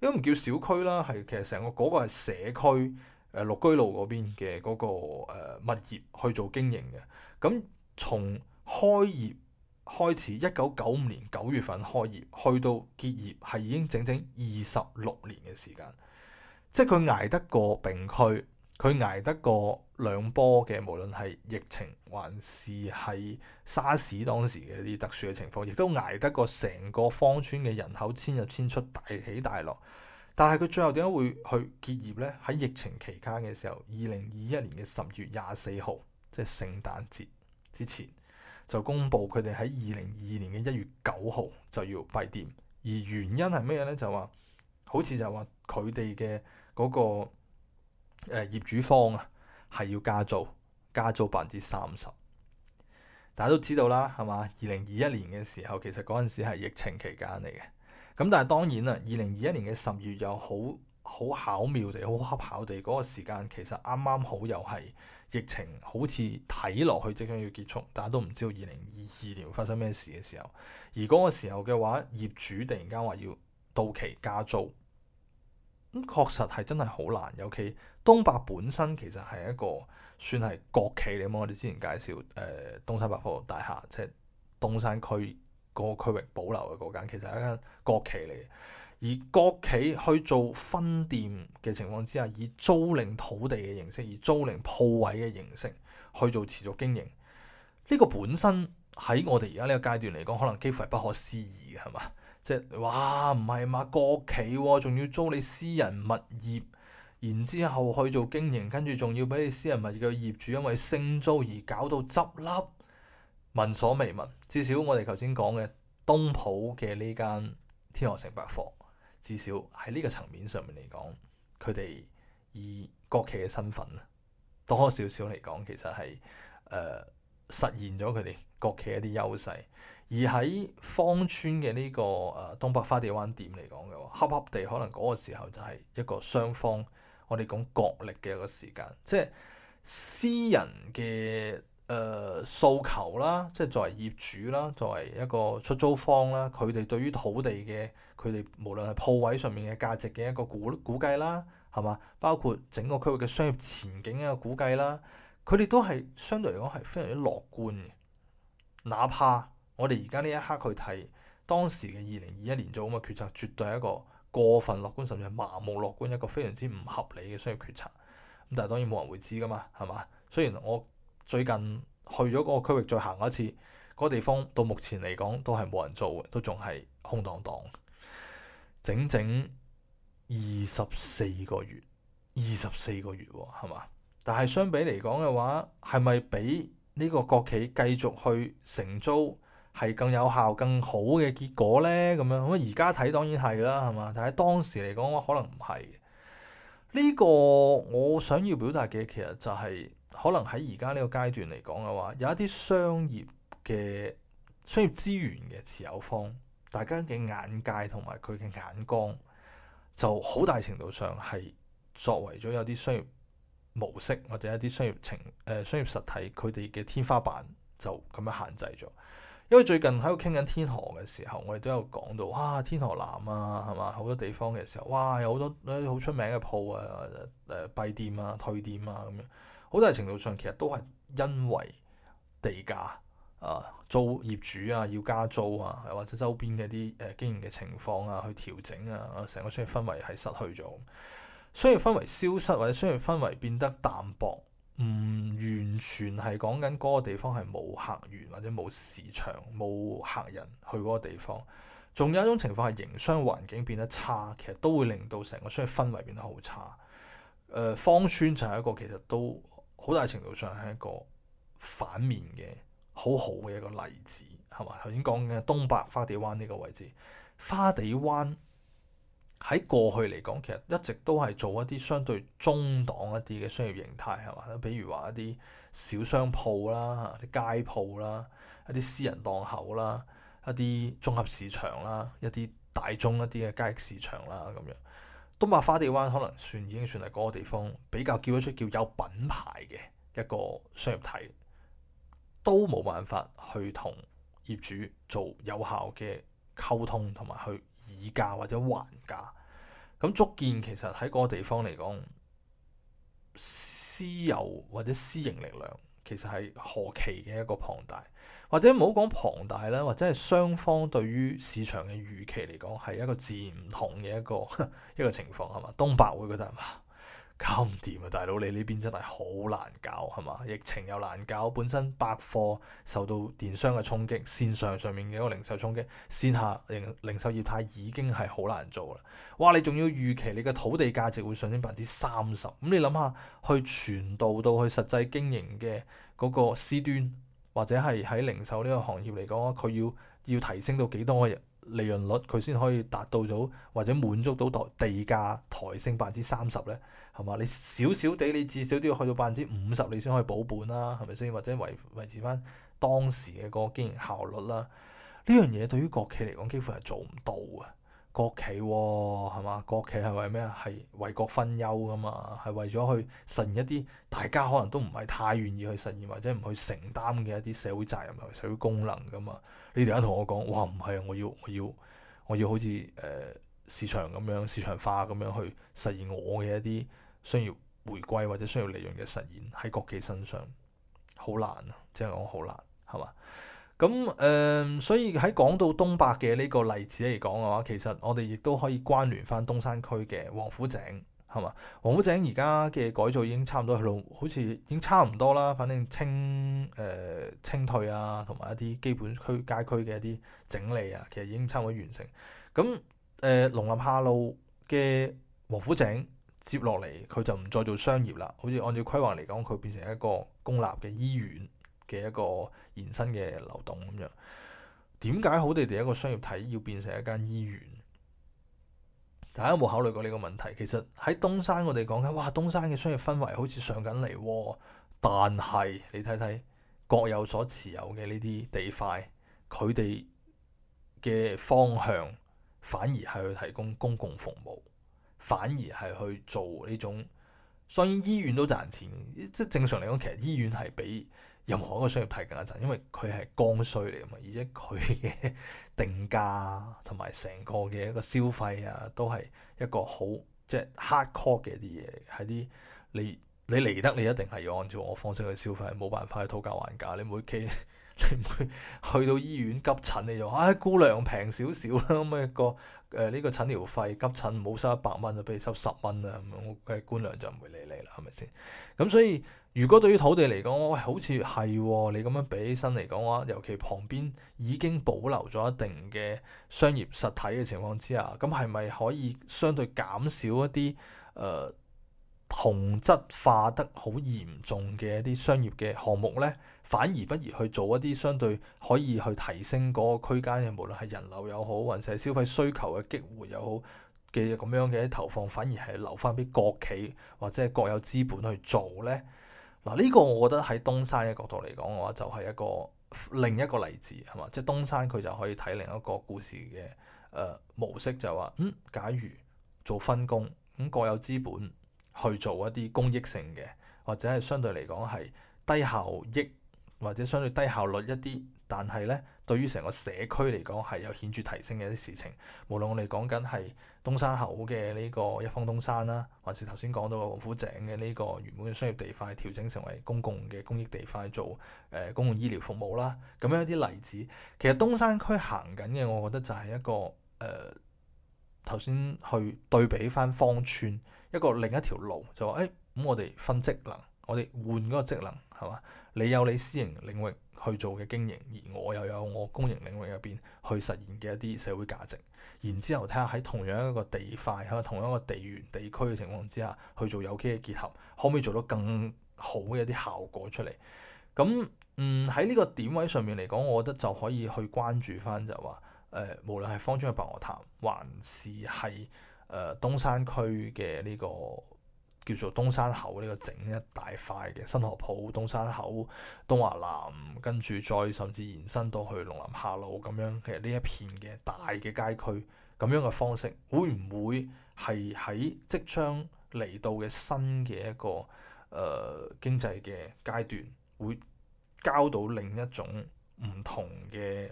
應該唔叫小區啦，係其實成個嗰個係社區誒，陸、呃、居路嗰邊嘅嗰、那個、呃、物業去做經營嘅。咁從開業開始，一九九五年九月份開業，去到結業係已經整整二十六年嘅時間，即係佢捱得過並區。佢捱得過兩波嘅，無論係疫情還是係沙士當時嘅一啲特殊嘅情況，亦都捱得過成個芳村嘅人口遷入遷出大起大落。但係佢最後點解會去結業呢？喺疫情期間嘅時候，二零二一年嘅十月廿四號，即係聖誕節之前，就公布佢哋喺二零二二年嘅一月九號就要閉店。而原因係咩呢？就話好似就話佢哋嘅嗰個。誒業主方啊，係要加租，加租百分之三十。大家都知道啦，係嘛？二零二一年嘅時候，其實嗰陣時係疫情期間嚟嘅。咁但係當然啦，二零二一年嘅十月又好好巧妙地、好恰巧地嗰個時間，其實啱啱好又係疫情，好似睇落去即將要結束，大家都唔知道二零二二年發生咩事嘅時候。而嗰個時候嘅話，業主突然間話要到期加租，咁確實係真係好難，尤其。東百本身其實係一個算係國企嚟嘛。我哋之前介紹誒、呃、東山百貨大廈，即係東山區個區域保留嘅嗰間，其實係一間國企嚟嘅。而國企去做分店嘅情況之下，以租賃土地嘅形式，以租賃鋪位嘅形式去做持續經營，呢、呢個本身喺我哋而家呢個階段嚟講，可能幾乎係不可思議嘅，係嘛？即係哇，唔係嘛，國企哦、仲要租你私人物業。然之後去做經營，跟住仲要俾你私人物業嘅業主，因為升租而搞到執笠，聞所未聞。至少我哋頭先講嘅東圃嘅呢間天河城百貨，至少喺呢個層面上面嚟講，佢哋以國企嘅身份，多多少少嚟講，其實係誒、呃、實現咗佢哋國企一啲優勢。而喺芳村嘅呢、這個誒、呃、東百花地灣店嚟講嘅話，恰恰地可能嗰個時候就係一個雙方。我哋講角力嘅一個時間，即係私人嘅誒訴求啦，即係作為業主啦，作為一個出租方啦，佢哋對於土地嘅佢哋無論係鋪位上面嘅價值嘅一個估估計啦，係嘛？包括整個區域嘅商業前景嘅一個估計啦，佢哋都係相對嚟講係非常之樂觀嘅。哪怕我哋而家呢一刻去睇當時嘅二零二一年做咁嘅決策，絕對係一個。過分樂觀，甚至係麻木樂觀，一個非常之唔合理嘅商業決策。咁但係當然冇人會知噶嘛，係嘛？雖然我最近去咗個區域再行一次，嗰個地方到目前嚟講都係冇人做嘅，都仲係空蕩蕩，整整二十四個月，二十四個月喎，係嘛？但係相比嚟講嘅話，係咪畀呢個國企繼續去承租？係更有效、更好嘅結果咧，咁樣咁而家睇當然係啦，係嘛？但喺當時嚟講，可能唔係。呢個我想要表達嘅其實就係可能喺而家呢個階段嚟講嘅話，有一啲商業嘅商業資源嘅持有方，大家嘅眼界同埋佢嘅眼光，就好大程度上係作為咗有啲商業模式或者一啲商業情誒商業實體佢哋嘅天花板就咁樣限制咗。因為最近喺度傾緊天河嘅時候，我哋都有講到，啊，天河南啊，係嘛，好多地方嘅時候，哇，有好多好出名嘅鋪啊，誒閉店啊、退店啊咁樣，好大程度上其實都係因為地價啊、租業主啊要加租啊，或者周邊嘅一啲誒經營嘅情況啊去調整啊，成個商業氛圍係失去咗，商業氛圍消失或者商業氛圍變得淡薄。唔完全係講緊嗰個地方係冇客源或者冇市場、冇客人去嗰個地方，仲有一種情況係營商環境變得差，其實都會令到成個商業氛圍變得好差。誒、呃，芳村就係一個其實都好大程度上係一個反面嘅好好嘅一個例子，係咪？頭先講嘅東百花地灣呢個位置，花地灣。喺過去嚟講，其實一直都係做一啲相對中檔一啲嘅商業形態，係嘛？比如話一啲小商鋪啦、啲街鋪啦、一啲私人檔口啦、一啲綜合市場啦、一啲大眾一啲嘅街市場啦咁樣。東百花地灣可能算已經算係嗰個地方比較叫得出叫有品牌嘅一個商業體，都冇辦法去同業主做有效嘅溝通同埋去議價或者還價，咁足見其實喺嗰個地方嚟講，私有或者私營力量其實係何其嘅一個龐大，或者唔好講龐大啦，或者係雙方對於市場嘅預期嚟講係一個自然唔同嘅一個一個情況係嘛？東百會覺得係嘛？搞唔掂啊，大佬！你呢邊真係好難搞，係嘛？疫情又難搞，本身百貨受到電商嘅衝擊，綫上上面嘅一個零售衝擊，綫下零零售業態已經係好難做啦。哇！你仲要預期你嘅土地價值會上升百分之三十，咁、嗯、你諗下，去傳導到去實際經營嘅嗰個 C 端，或者係喺零售呢個行業嚟講，佢要要提升到幾多嘅利潤率，佢先可以達到到或者滿足到台地價抬升百分之三十咧？呢係嘛？你少少地，你至少都要去到百分之五十，你先可以保本啦、啊，係咪先？或者維維持翻當時嘅個經營效率啦、啊？呢樣嘢對於國企嚟講，幾乎係做唔到啊。國企喎、哦，係嘛？國企係為咩啊？係為國分憂噶嘛？係為咗去實現一啲大家可能都唔係太願意去實現或者唔去承擔嘅一啲社會責任同社會功能噶嘛？你哋啱同我講，哇唔係啊！我要我要我要，我要好似誒、呃、市場咁樣市場化咁樣去實現我嘅一啲。需要回歸或者需要利潤嘅實現喺國企身上好難啊，即係講好難，係嘛？咁誒、呃，所以喺講到東百嘅呢個例子嚟講嘅話，其實我哋亦都可以關聯返東山區嘅王府井，係嘛？王府井而家嘅改造已經差唔多去到，好似已經差唔多啦。反正清誒、呃、清退啊，同埋一啲基本區街區嘅一啲整理啊，其實已經差唔多完成。咁誒，農、呃、林下路嘅王府井。接落嚟佢就唔再做商業啦，好似按照規劃嚟講，佢變成一個公立嘅醫院嘅一個延伸嘅流動，咁樣點解好哋哋一個商業體要變成一間醫院？大家有冇考慮過呢個問題？其實喺東山我，我哋講緊哇，東山嘅商業氛圍好似上緊嚟，但係你睇睇各有所持有嘅呢啲地塊，佢哋嘅方向反而係去提供公共服務。反而係去做呢種，所以醫院都賺錢即正常嚟講，其實醫院係比任何一個商業體更加賺，因為佢係剛需嚟㗎嘛，而且佢嘅定價同埋成個嘅一個消費啊，都係一個好即係 hardcore 嘅啲嘢，喺啲你你嚟得，你一定係要按照我方式去消費，冇辦法去討價還價，你每企。你唔會去到醫院急診，你就話：唉、哎，姑娘平少少啦，咁、嗯、一個誒呢、呃這個診療費急診唔好收一百蚊，你嗯、就俾你收十蚊啦，咁我嘅姑娘就唔會理你啦，係咪先？咁所以如果對於土地嚟講，我、哎、好似係、哦、你咁樣比起身嚟講嘅話，尤其旁邊已經保留咗一定嘅商業實體嘅情況之下，咁係咪可以相對減少一啲誒同質化得好嚴重嘅一啲商業嘅項目咧？反而不如去做一啲相對可以去提升嗰個區間嘅，無論係人流又好，或者係消費需求嘅激活又好嘅咁樣嘅投放，反而係留翻俾國企或者係國有資本去做咧。嗱，呢個我覺得喺東山嘅角度嚟講嘅話，就係一個另一個例子係嘛，即係東山佢就可以睇另一個故事嘅誒、呃、模式、就是，就話嗯，假如做分工咁，國有資本去做一啲公益性嘅，或者係相對嚟講，係低效益。或者相對低效率一啲，但係呢對於成個社區嚟講係有顯著提升嘅一啲事情。無論我哋講緊係東山口嘅呢個一方東山啦，還是頭先講到嘅王府井嘅呢個原本嘅商業地塊調整成為公共嘅公益地塊做誒、呃、公共醫療服務啦，咁樣一啲例子。其實東山區行緊嘅，我覺得就係一個誒頭先去對比返芳村，一個另一條路，就話誒咁我哋分職能，我哋換嗰個職能。係嘛？你有你私營領域去做嘅經營，而我又有我公營領域入邊去實現嘅一啲社會價值。然之後睇下喺同樣一個地塊喺同樣一個地緣地區嘅情況之下，去做有機嘅結合，可唔可以做到更好嘅一啲效果出嚟？咁嗯喺呢個點位上面嚟講，我覺得就可以去關注翻就係話誒、呃，無論係芳村嘅白鵝潭，還是係誒、呃、東山區嘅呢個。叫做東山口呢個整一大塊嘅新河浦、東山口、東華南，跟住再甚至延伸到去農林下路咁樣嘅呢一片嘅大嘅街區咁樣嘅方式，會唔會，係，喺即將嚟到嘅新嘅一個誒、呃、經濟嘅階段，會交到另一種唔同嘅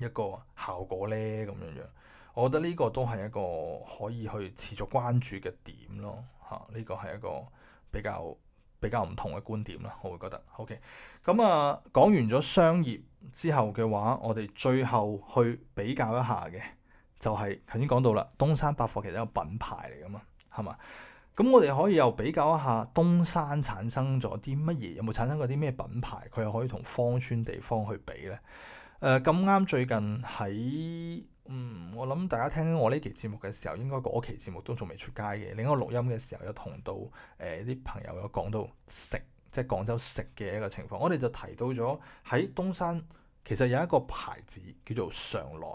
一個效果咧？咁樣樣，我覺得呢個都係一個可以去持續關注嘅點咯。嚇，呢、啊這個係一個比較比較唔同嘅觀點啦，我會覺得 OK。咁、嗯、啊，講完咗商業之後嘅話，我哋最後去比較一下嘅就係頭先講到啦，東山百貨其實一個品牌嚟㗎嘛，係嘛？咁、嗯、我哋可以又比較一下東山產生咗啲乜嘢，有冇產生過啲咩品牌，佢又可以同芳村地方去比咧？誒、呃，咁啱最近喺～嗯，我諗大家聽我呢期節目嘅時候，應該嗰期節目都仲未出街嘅。另外一個錄音嘅時候又，有同到誒啲朋友有講到食，即係廣州食嘅一個情況。我哋就提到咗喺東山，其實有一個牌子叫做常來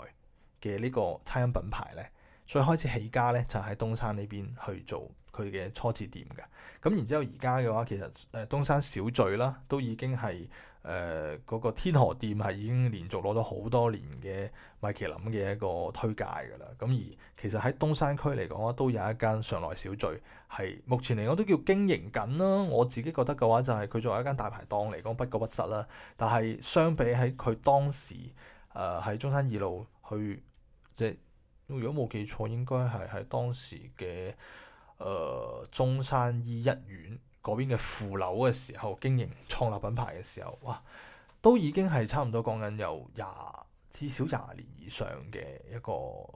嘅呢個餐飲品牌咧，最開始起家咧就喺、是、東山呢邊去做佢嘅初次店噶。咁然之後而家嘅話，其實誒東山小聚啦，都已經係。誒嗰、呃那個天河店係已經連續攞咗好多年嘅米其林嘅一個推介㗎啦。咁而其實喺東山區嚟講，都有一間常來小聚係目前嚟講都叫經營緊啦。我自己覺得嘅話，就係佢作為一間大排檔嚟講，不過不失啦。但係相比喺佢當時誒喺、呃、中山二路去即係如果冇記錯，應該係喺當時嘅誒、呃、中山醫一院，嗰邊嘅負樓嘅時候，經營創立品牌嘅時候，哇，都已經係差唔多講緊有廿至少廿年以上嘅一個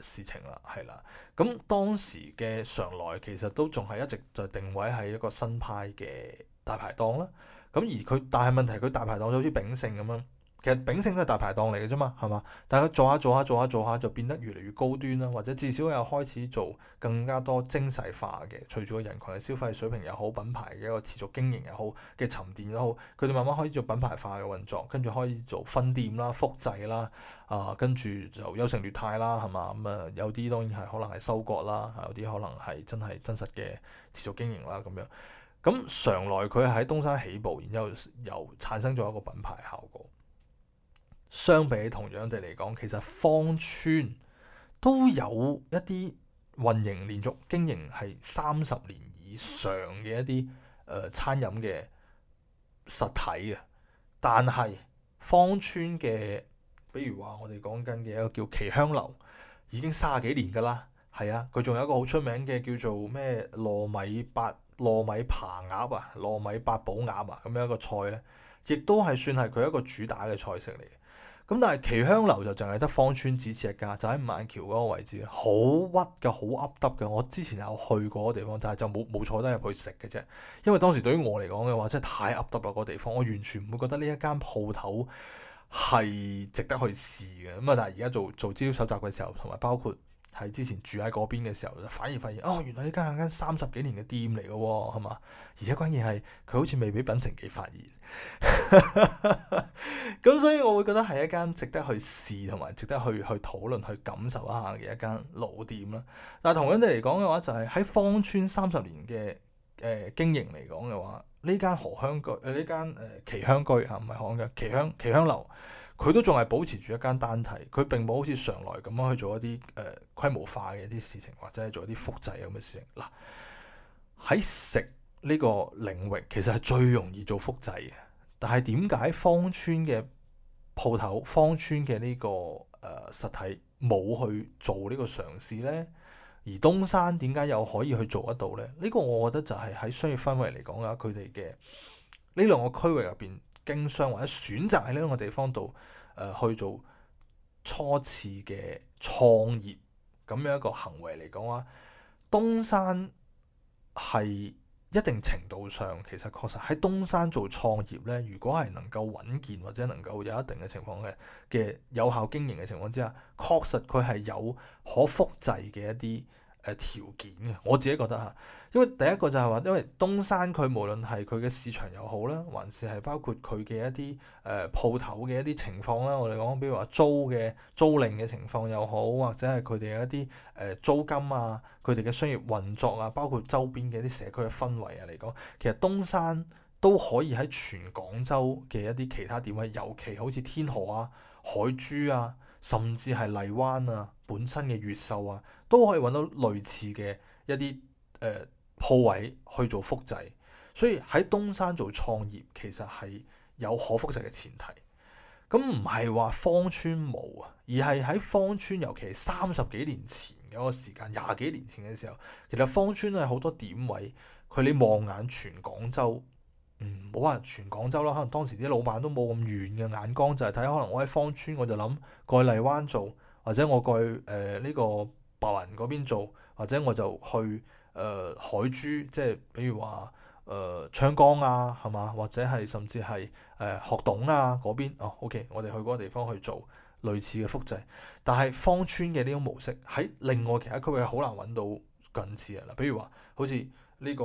事情啦，係啦。咁當時嘅常來其實都仲係一直就定位係一個新派嘅大排檔啦。咁而佢但係問題佢大排檔就好似炳勝咁樣。其實炳勝都係大排檔嚟嘅啫嘛，係嘛？但係佢做下做下做下做下就變得越嚟越高端啦，或者至少又開始做更加多精細化嘅。隨住個人群嘅消費水平又好，品牌嘅一個持續經營又好嘅沉澱又好，佢哋慢慢可始做品牌化嘅運作，跟住開始做分店啦、複製啦啊、呃，跟住就優勝劣汰啦，係嘛？咁、嗯、啊，有啲當然係可能係收割啦，有啲可能係真係真實嘅持續經營啦咁樣。咁常來佢喺東山起步，然之後又，又產生咗一個品牌效果。相比同樣地嚟講，其實芳村都有一啲運營連續經營係三十年以上嘅一啲誒、呃、餐飲嘅實體啊。但係芳村嘅，比如話我哋講緊嘅一個叫奇香樓，已經三十幾年㗎啦。係啊，佢仲有一個好出名嘅叫做咩糯米八糯米扒鴨啊，糯米八寶鴨啊，咁樣一個菜呢，亦都係算係佢一個主打嘅菜式嚟嘅。咁但係奇香樓就淨係得芳村只此一家，就喺五眼橋嗰個位置，好屈嘅，好噏耷嘅。我之前有去過嗰地方，但係就冇冇坐得入去食嘅啫，因為當時對於我嚟講嘅話，真係太噏耷啦個地方，我完全唔會覺得呢一間鋪頭係值得去試嘅。咁啊，但係而家做做資料搜集嘅時候，同埋包括。喺之前住喺嗰邊嘅時候，就反而發現哦，原來呢間係間三十幾年嘅店嚟嘅喎，係嘛？而且關鍵係佢好似未俾品城記發現，咁 所以我會覺得係一間值得去試同埋值得去去討論去感受一下嘅一間老店啦。但係同樣地嚟講嘅話，就係喺芳村三十年嘅誒、呃、經營嚟講嘅話，呢間荷香居誒呢、呃、間誒、呃、奇香居嚇唔係荷嘅奇香奇香樓，佢都仲係保持住一間單體，佢並冇好似常來咁樣去做一啲誒規模化嘅一啲事情，或者係做一啲複製咁嘅事情。嗱，喺食呢個領域其實係最容易做複製嘅，但係點解芳村嘅鋪頭、芳村嘅呢、這個誒、呃、實體冇去做呢個嘗試呢？而東山點解又可以去做得到呢？呢、這個我覺得就係喺商業氛圍嚟講啊，佢哋嘅呢兩個區域入邊。經商或者選擇喺呢個地方度，誒、呃、去做初次嘅創業咁樣一個行為嚟講啊，東山係一定程度上其實確實喺東山做創業呢，如果係能夠穩健或者能夠有一定嘅情況嘅嘅有效經營嘅情況之下，確實佢係有可複製嘅一啲。誒條件嘅，我自己覺得嚇，因為第一個就係話，因為東山佢無論係佢嘅市場又好啦，還是係包括佢嘅一啲誒鋪頭嘅一啲情況啦，我哋講，比如話租嘅租賃嘅情況又好，或者係佢哋一啲誒、呃、租金啊，佢哋嘅商業運作啊，包括周邊嘅一啲社區嘅氛圍啊嚟講，其實東山都可以喺全廣州嘅一啲其他點位，尤其好似天河啊、海珠啊，甚至係荔灣啊、本身嘅越秀啊，都可以揾到類似嘅一啲誒、呃、鋪位去做複製，所以喺東山做創業其實係有可複製嘅前提。咁唔係話芳村冇啊，而係喺芳村，尤其三十幾年前嘅一個時間，廿幾年前嘅時候，其實芳村係好多點位。佢你望眼全廣州，唔冇話全廣州啦。可能當時啲老闆都冇咁遠嘅眼光就，就係睇可能我喺芳村，我就諗過去荔灣做，或者我過去誒呢個。白雲嗰邊做，或者我就去誒、呃、海珠，即係比如話誒、呃、昌江崗啊，係嘛？或者係甚至係誒、呃、鶴洞啊嗰邊哦。OK，我哋去嗰個地方去做類似嘅複製。但係芳村嘅呢種模式喺另外其他區域好難揾到近似嘅啦，比如話好似呢個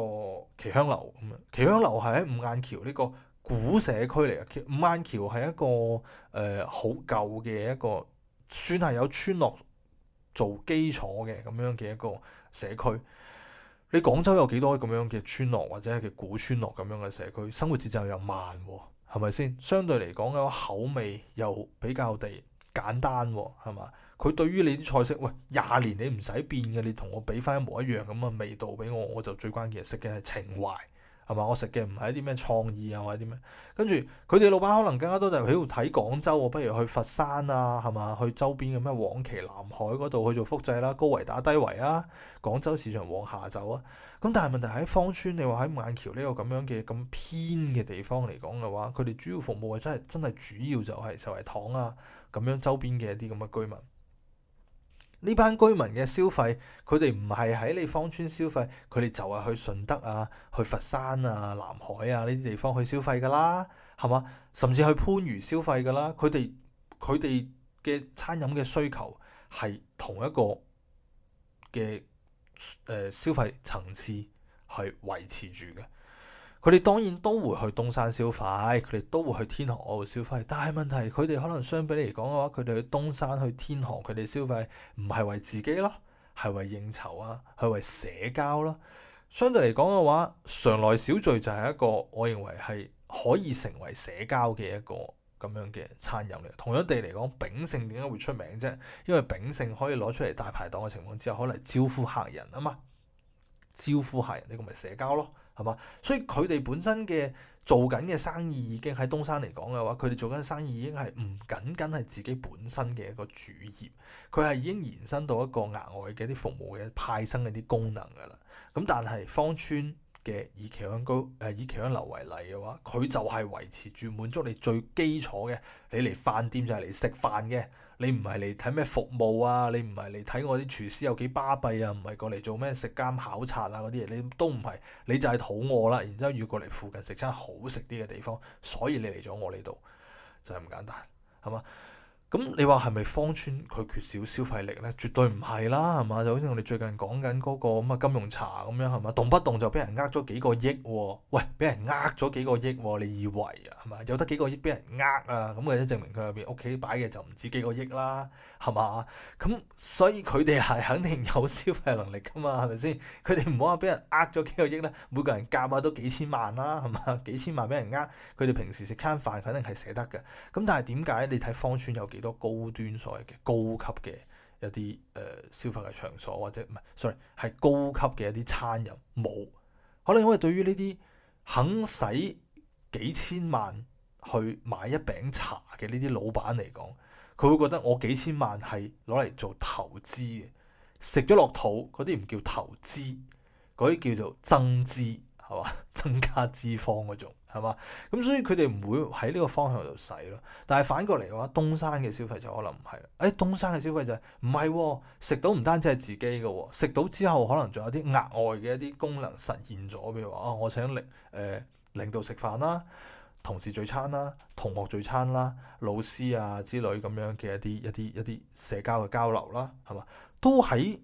奇香樓咁啊，奇香樓係喺五眼橋呢個古社區嚟嘅。五眼橋係一個誒好、呃、舊嘅一個，算係有村落。做基礎嘅咁樣嘅一個社區，你廣州有幾多咁樣嘅村落或者係古村落咁樣嘅社區？生活節奏又慢喎，係咪先？相對嚟講嘅口味又比較地簡單喎，係嘛？佢對於你啲菜式，喂廿年你唔使變嘅，你同我俾翻一模一樣咁嘅味道俾我，我就最關鍵係食嘅係情懷。係嘛？我食嘅唔係一啲咩創意啊，或者啲咩，跟住佢哋老闆可能更加多就係喺度睇廣州，我不如去佛山啊，係嘛？去周邊嘅咩黃岐、往期南海嗰度去做複製啦，高維打低維啊，廣州市場往下走啊。咁但係問題喺芳村，你話喺五眼橋呢個咁樣嘅咁偏嘅地方嚟講嘅話，佢哋主要服務啊真係真係主要就係石圍塘啊咁樣周邊嘅一啲咁嘅居民。呢班居民嘅消費，佢哋唔係喺你芳村消費，佢哋就係去順德啊、去佛山啊、南海啊呢啲地方去消費㗎啦，係嘛？甚至去番禺消費㗎啦，佢哋佢哋嘅餐飲嘅需求係同一個嘅誒消費層次係維持住嘅。佢哋當然都會去東山消費，佢哋都會去天河消費。但係問題係，佢哋可能相比嚟講嘅話，佢哋去東山、去天河，佢哋消費唔係為自己咯，係為應酬啊，係為社交咯。相對嚟講嘅話，常來小聚就係一個，我認為係可以成為社交嘅一個咁樣嘅餐飲嚟。同樣地嚟講，炳勝點解會出名啫？因為炳勝可以攞出嚟大排檔嘅情況之下，可能招呼客人啊嘛，招呼客人呢個咪社交咯。係嘛？所以佢哋本身嘅做緊嘅生意已經喺東山嚟講嘅話，佢哋做緊生意已經係唔僅僅係自己本身嘅一個主業，佢係已經延伸到一個額外嘅啲服務嘅派生嘅啲功能㗎啦。咁但係芳村嘅以奇香居誒以奇香樓為例嘅話，佢就係維持住滿足你最基礎嘅，你嚟飯店就係嚟食飯嘅。你唔係嚟睇咩服務啊，你唔係嚟睇我啲廚師有幾巴閉啊，唔係過嚟做咩食監考察啊嗰啲嘢，你都唔係，你就係肚餓啦，然之後要過嚟附近食餐好食啲嘅地方，所以你嚟咗我呢度就係咁簡單，係嘛？咁你話係咪芳村佢缺少消費力咧？絕對唔係啦，係嘛？就好似我哋最近講緊嗰個咁啊金融茶咁樣，係嘛？動不動就俾人呃咗幾個億喎、哦，喂，俾人呃咗幾個億喎、哦，你以為啊？係嘛？有得幾個億俾人呃啊？咁嘅即證明佢入邊屋企擺嘅就唔止幾個億啦，係嘛？咁所以佢哋係肯定有消費能力噶嘛，係咪先？佢哋唔好話俾人呃咗幾個億咧，每個人夾下都幾千萬啦、啊，係嘛？幾千萬俾人呃，佢哋平時食餐飯肯定係捨得嘅。咁但係點解你睇芳村有幾多高端所謂嘅高級嘅一啲誒消費嘅場所，或者唔係，sorry，係高級嘅一啲餐飲。冇可能，因為對於呢啲肯使幾千萬去買一餅茶嘅呢啲老闆嚟講，佢會覺得我幾千萬係攞嚟做投資嘅，食咗落肚嗰啲唔叫投資，嗰啲叫做增資，係嘛？增加脂肪嗰種。.係嘛？咁，所以佢哋唔會喺呢個方向度使咯。但係反過嚟嘅話，東山嘅消費就可能唔係啦。誒、哎，東山嘅消費就唔、係、係、哦、食到，唔單止係自己嘅、哦、食到之後，可能仲有啲額外嘅一啲功能實現咗，譬如話啊，我請領誒、呃、領導食飯啦，同事聚餐啦，同學聚餐啦，老師啊之類咁樣嘅一啲一啲一啲社交嘅交流啦，係嘛都喺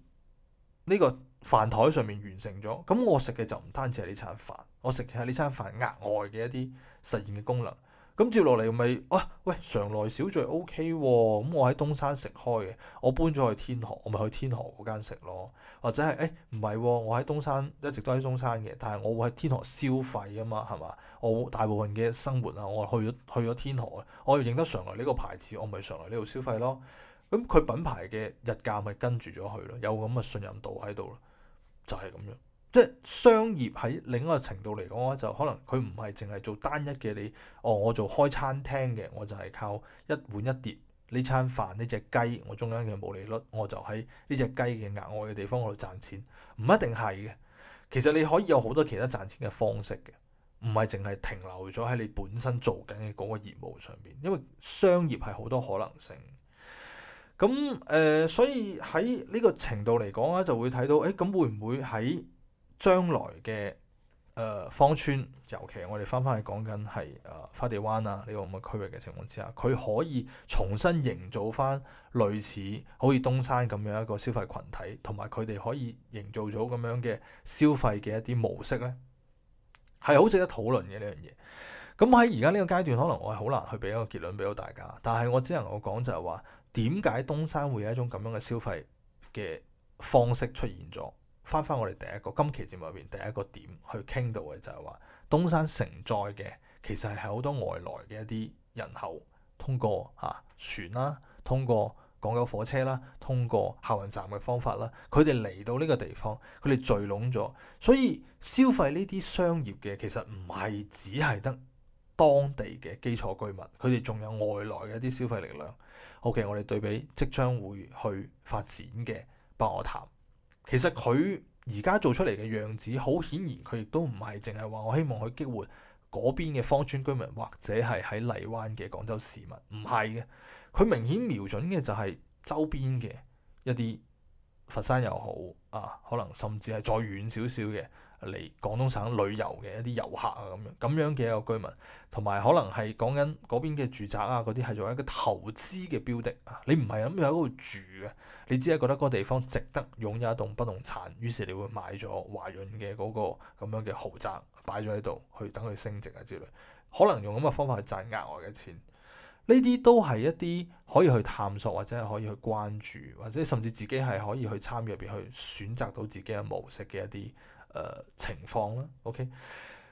呢個飯台上面完成咗。咁我食嘅就唔單止係呢餐飯。我食嘅係呢餐飯額外嘅一啲實驗嘅功能。咁接落嚟咪哇喂，常來小聚 OK 喎。咁我喺東山食開嘅，我搬咗去天河，我咪去天河嗰間食咯。或者係誒唔係？我喺東山一直都喺東山嘅，但係我會喺天河消費啊嘛，係嘛？我大部分嘅生活啊，我去咗去咗天河，我要認得常來呢個牌子，我咪常來呢度消費咯。咁佢品牌嘅日價咪跟住咗去咯，有咁嘅信任度喺度咯，就係咁樣。即商業喺另一個程度嚟講咧，就可能佢唔係淨係做單一嘅你，哦，我做開餐廳嘅，我就係靠一碗一碟呢餐飯呢隻雞，我中間嘅毛利率，我就喺呢隻雞嘅額外嘅地方嗰度賺錢，唔一定係嘅。其實你可以有好多其他賺錢嘅方式嘅，唔係淨係停留咗喺你本身做緊嘅嗰個業務上邊，因為商業係好多可能性。咁誒、呃，所以喺呢個程度嚟講咧，就會睇到，誒、哎、咁會唔會喺？將來嘅誒芳村，尤其我哋翻翻去講緊係誒花地灣啊呢個咁嘅區域嘅情況之下，佢可以重新營造翻類似好似東山咁樣一個消費群體，同埋佢哋可以營造到咁樣嘅消費嘅一啲模式咧，係好值得討論嘅呢樣嘢。咁喺而家呢個階段，可能我係好難去俾一個結論俾到大家，但係我只能我講就係話，點解東山會有一種咁樣嘅消費嘅方式出現咗？翻翻我哋第一個今期節目入邊第一個點去傾到嘅，就係話東山承載嘅其實係好多外來嘅一啲人口通過嚇船啦，通過廣九火車啦，通過客運站嘅方法啦，佢哋嚟到呢個地方，佢哋聚攏咗，所以消費呢啲商業嘅其實唔係只係得當地嘅基礎居民，佢哋仲有外來嘅一啲消費力量。OK，我哋對比即將會去發展嘅白鵝潭。其實佢而家做出嚟嘅樣子，好顯然佢亦都唔係淨係話我希望去激活嗰邊嘅芳村居民，或者係喺荔灣嘅廣州市民，唔係嘅。佢明顯瞄準嘅就係周邊嘅一啲佛山又好啊，可能甚至係再遠少少嘅。嚟廣東省旅遊嘅一啲遊客啊，咁樣咁樣嘅一個居民，同埋可能係講緊嗰邊嘅住宅啊，嗰啲係作為一個投資嘅標的啊。你唔係諗住喺嗰度住嘅，你只係覺得嗰個地方值得擁有一棟不動產，於是你會買咗華潤嘅嗰個咁樣嘅豪宅擺咗喺度，去等佢升值啊之類，可能用咁嘅方法去賺額外嘅錢。呢啲都係一啲可以去探索或者係可以去關注，或者甚至自己係可以去參與入邊去選擇到自己嘅模式嘅一啲誒、呃、情況啦，OK，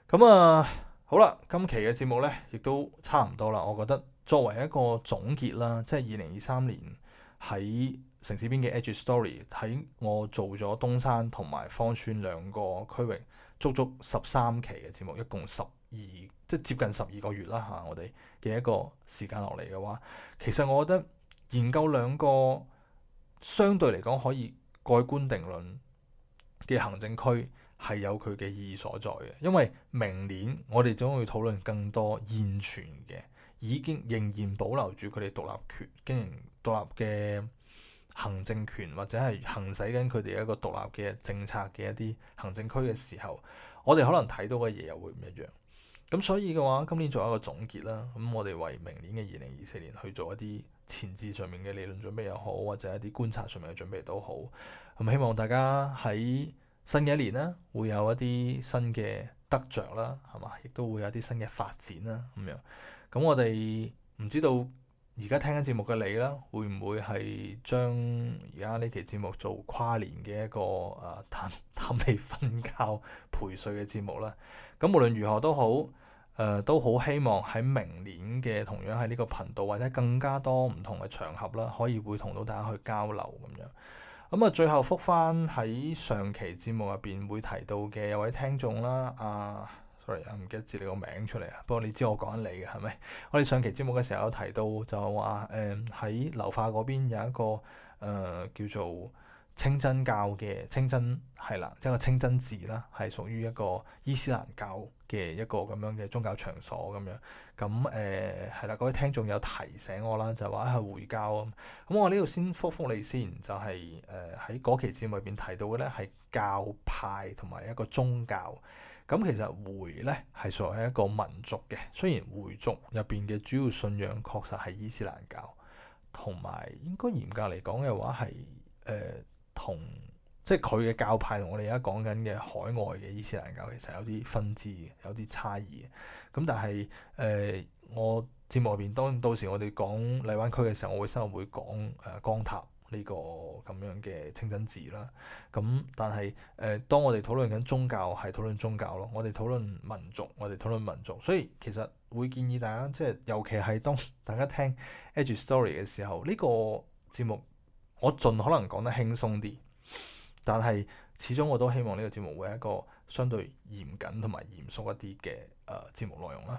咁啊好啦，今期嘅節目呢亦都差唔多啦。我覺得作為一個總結啦，即係二零二三年喺城市邊嘅 Edge Story，喺我做咗東山同埋芳村兩個區域，足足十三期嘅節目，一共十二，即係接近十二個月啦嚇，我哋嘅一個時間落嚟嘅話，其實我覺得研究兩個相對嚟講可以蓋棺定論嘅行政區。係有佢嘅意義所在嘅，因為明年我哋將會討論更多現存嘅已經仍然保留住佢哋獨立權、經營獨立嘅行政權或者係行使緊佢哋一個獨立嘅政策嘅一啲行政區嘅時候，我哋可能睇到嘅嘢又會唔一樣。咁所以嘅話，今年做一個總結啦，咁我哋為明年嘅二零二四年去做一啲前置上面嘅理論準備又好，或者一啲觀察上面嘅準備都好，咁希望大家喺新嘅一年啦，會有一啲新嘅得着啦，係嘛？亦都會有啲新嘅發展啦，咁樣。咁我哋唔知道而家聽緊節目嘅你啦，會唔會係將而家呢期節目做跨年嘅一個誒談談氣、瞓覺、陪睡嘅節目啦？咁無論如何都好，誒、呃、都好希望喺明年嘅同樣喺呢個頻道或者更加多唔同嘅場合啦，可以會同到大家去交流咁樣。咁啊，最後覆翻喺上期節目入邊會提到嘅有位聽眾啦，啊，sorry 啊，唔記得接你個名出嚟啊，不過你知我講緊你嘅係咪？我哋上期節目嘅時候有提到就，就係話喺流化嗰邊有一個誒、呃、叫做清真教嘅清真係啦，即係個清真寺啦，係屬於一個伊斯蘭教嘅一個咁樣嘅宗教場所咁樣。咁誒係啦，各位聽眾有提醒我啦，就話係回教咁。咁我呢度先覆覆你先，就係誒喺嗰期節目入邊提到嘅咧，係教派同埋一個宗教。咁其實回咧係屬於一個民族嘅，雖然回族入邊嘅主要信仰確實係伊斯蘭教，同埋應該嚴格嚟講嘅話係誒。呃同即係佢嘅教派同我哋而家講緊嘅海外嘅伊斯蘭教其實有啲分支有啲差異嘅。咁但係誒、呃、我節目入邊當到時我哋講荔灣區嘅時候，我會深入會講誒光塔呢個咁樣嘅清真寺啦。咁但係誒、呃、當我哋討論緊宗教係討論宗教咯，我哋討論民族，我哋討論民族。所以其實會建議大家即係尤其係當大家聽 Edge Story 嘅時候，呢、這個節目。我盡可能講得輕鬆啲，但係始終我都希望呢個節目會係一個相對嚴謹同埋嚴肅一啲嘅誒節目內容啦。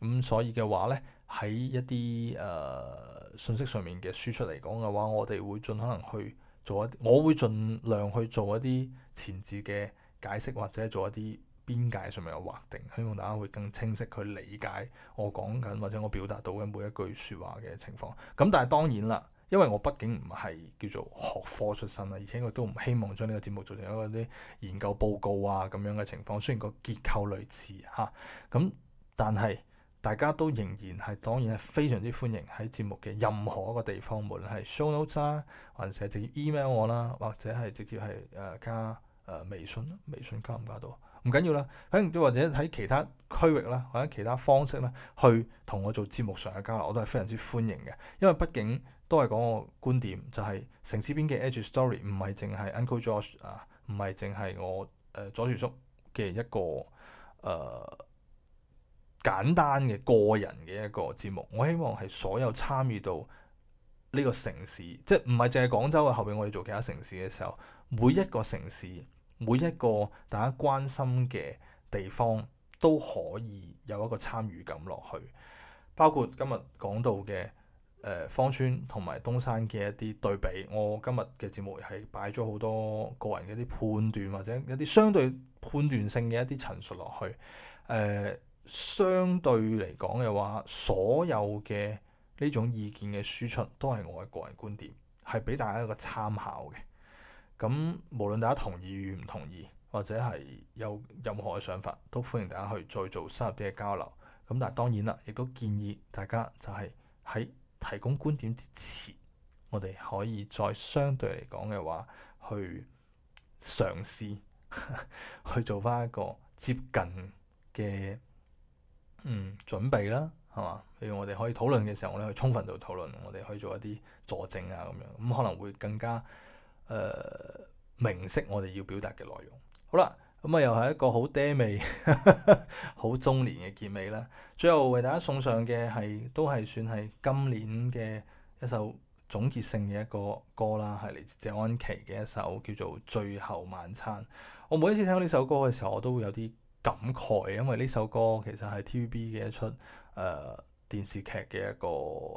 咁、嗯、所以嘅話呢，喺一啲誒、呃、信息上面嘅輸出嚟講嘅話，我哋會盡可能去做一，我會盡量去做一啲前置嘅解釋，或者做一啲邊界上面嘅劃定，希望大家會更清晰去理解我講緊或者我表達到嘅每一句説話嘅情況。咁、嗯、但係當然啦。因為我畢竟唔係叫做學科出身啦，而且我都唔希望將呢個節目做成一個啲研究報告啊咁樣嘅情況。雖然個結構類似嚇，咁、啊、但係大家都仍然係當然係非常之歡迎喺節目嘅任何一個地方，無論係 show notes 啦，還是直接 email 我啦，或者係直接係誒加誒微信，微信加唔加到唔緊要啦。誒，再或者喺其他區域啦，或者其他方式啦，去同我做節目上嘅交流，我都係非常之歡迎嘅，因為畢竟。都係講個觀點，就係、是、城市邊嘅 edge story 唔係淨係 Uncle Josh 啊，唔係淨係我誒左住叔嘅一個誒、呃、簡單嘅個人嘅一個節目。我希望係所有參與到呢個城市，即係唔係淨係廣州嘅。後邊我哋做其他城市嘅時候，每一個城市、每一個大家關心嘅地方，都可以有一個參與感落去。包括今日講到嘅。誒、呃、芳村同埋東山嘅一啲對比，我今日嘅節目係擺咗好多個人嘅一啲判斷或者一啲相對判斷性嘅一啲陳述落去。誒、呃，相對嚟講嘅話，所有嘅呢種意見嘅輸出都係我嘅個人觀點，係俾大家一個參考嘅。咁無論大家同意與唔同意，或者係有任何嘅想法，都歡迎大家去再做深入啲嘅交流。咁但係當然啦，亦都建議大家就係喺提供觀點之前，我哋可以再相對嚟講嘅話，去嘗試 去做返一個接近嘅嗯準備啦，係嘛？譬如我哋可以討論嘅時候，我哋去充分度討論，我哋可以做一啲佐證啊咁樣，咁、嗯、可能會更加誒、呃、明晰我哋要表達嘅內容。好啦。咁啊，又係一個好爹味、好 中年嘅結尾啦！最後為大家送上嘅係都係算係今年嘅一首總結性嘅一個歌啦，係嚟自謝安琪嘅一首叫做《最後晚餐》。我每一次聽到呢首歌嘅時候，我都會有啲感慨，因為呢首歌其實係 TVB 嘅一出誒、呃、電視劇嘅一個誒、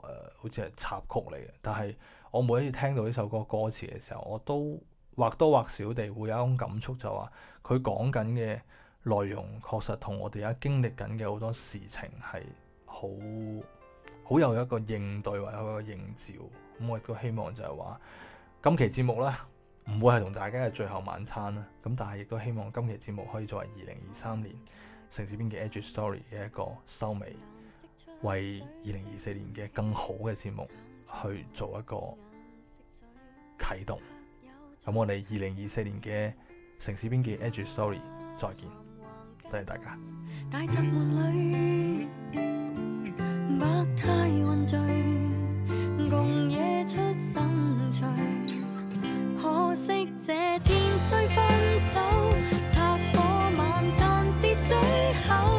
呃，好似係插曲嚟嘅。但係我每一次聽到呢首歌歌詞嘅時候，我都～或多或少地會有一種感觸，就話佢講緊嘅內容確實同我哋而家經歷緊嘅好多事情係好好有一個應對或者有一個映照。咁、嗯、我亦都希望就係話，今期節目呢唔會係同大家嘅最後晚餐啦。咁但係亦都希望今期節目可以作為二零二三年城事邊記 Edge Story 嘅一個收尾，為二零二四年嘅更好嘅節目去做一個啟動。咁我哋二零二四年嘅城事邊記 Edge Story 再見，多謝大家。大宅門裏白太聚，共出可惜這天需分手，火晚餐是最後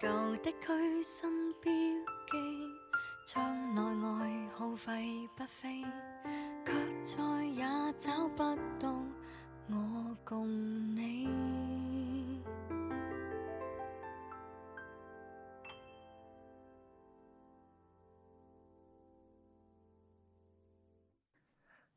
舊的區身標記，窗內外耗費不菲，卻再也找不到我共你。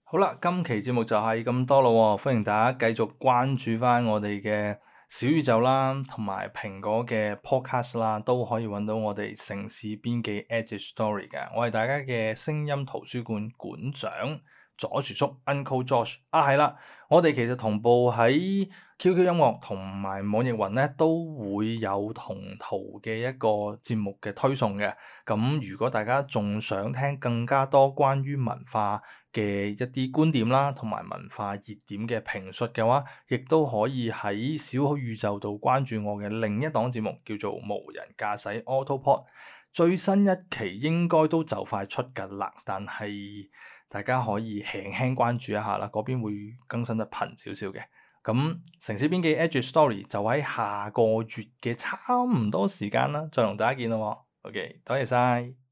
好啦，今期節目就係咁多咯喔，歡迎大家繼續關注翻我哋嘅。小宇宙啦，同埋蘋果嘅 Podcast 啦，都可以揾到我哋城事邊記 Edge Story 嘅。我係大家嘅聲音圖書館館長左廚叔 Uncle Josh。啊，係啦，我哋其實同步喺 QQ 音樂同埋網易雲咧，都會有同圖嘅一個節目嘅推送嘅。咁如果大家仲想聽更加多關於文化，嘅一啲觀點啦，同埋文化熱點嘅評述嘅話，亦都可以喺小宇宙度關注我嘅另一檔節目，叫做無人駕駛 AutoPod。最新一期應該都就快出㗎啦，但係大家可以輕輕關注一下啦，嗰邊會更新得頻少少嘅。咁城事邊記 Edge Story 就喺下個月嘅差唔多時間啦，再同大家見咯。OK，多謝晒。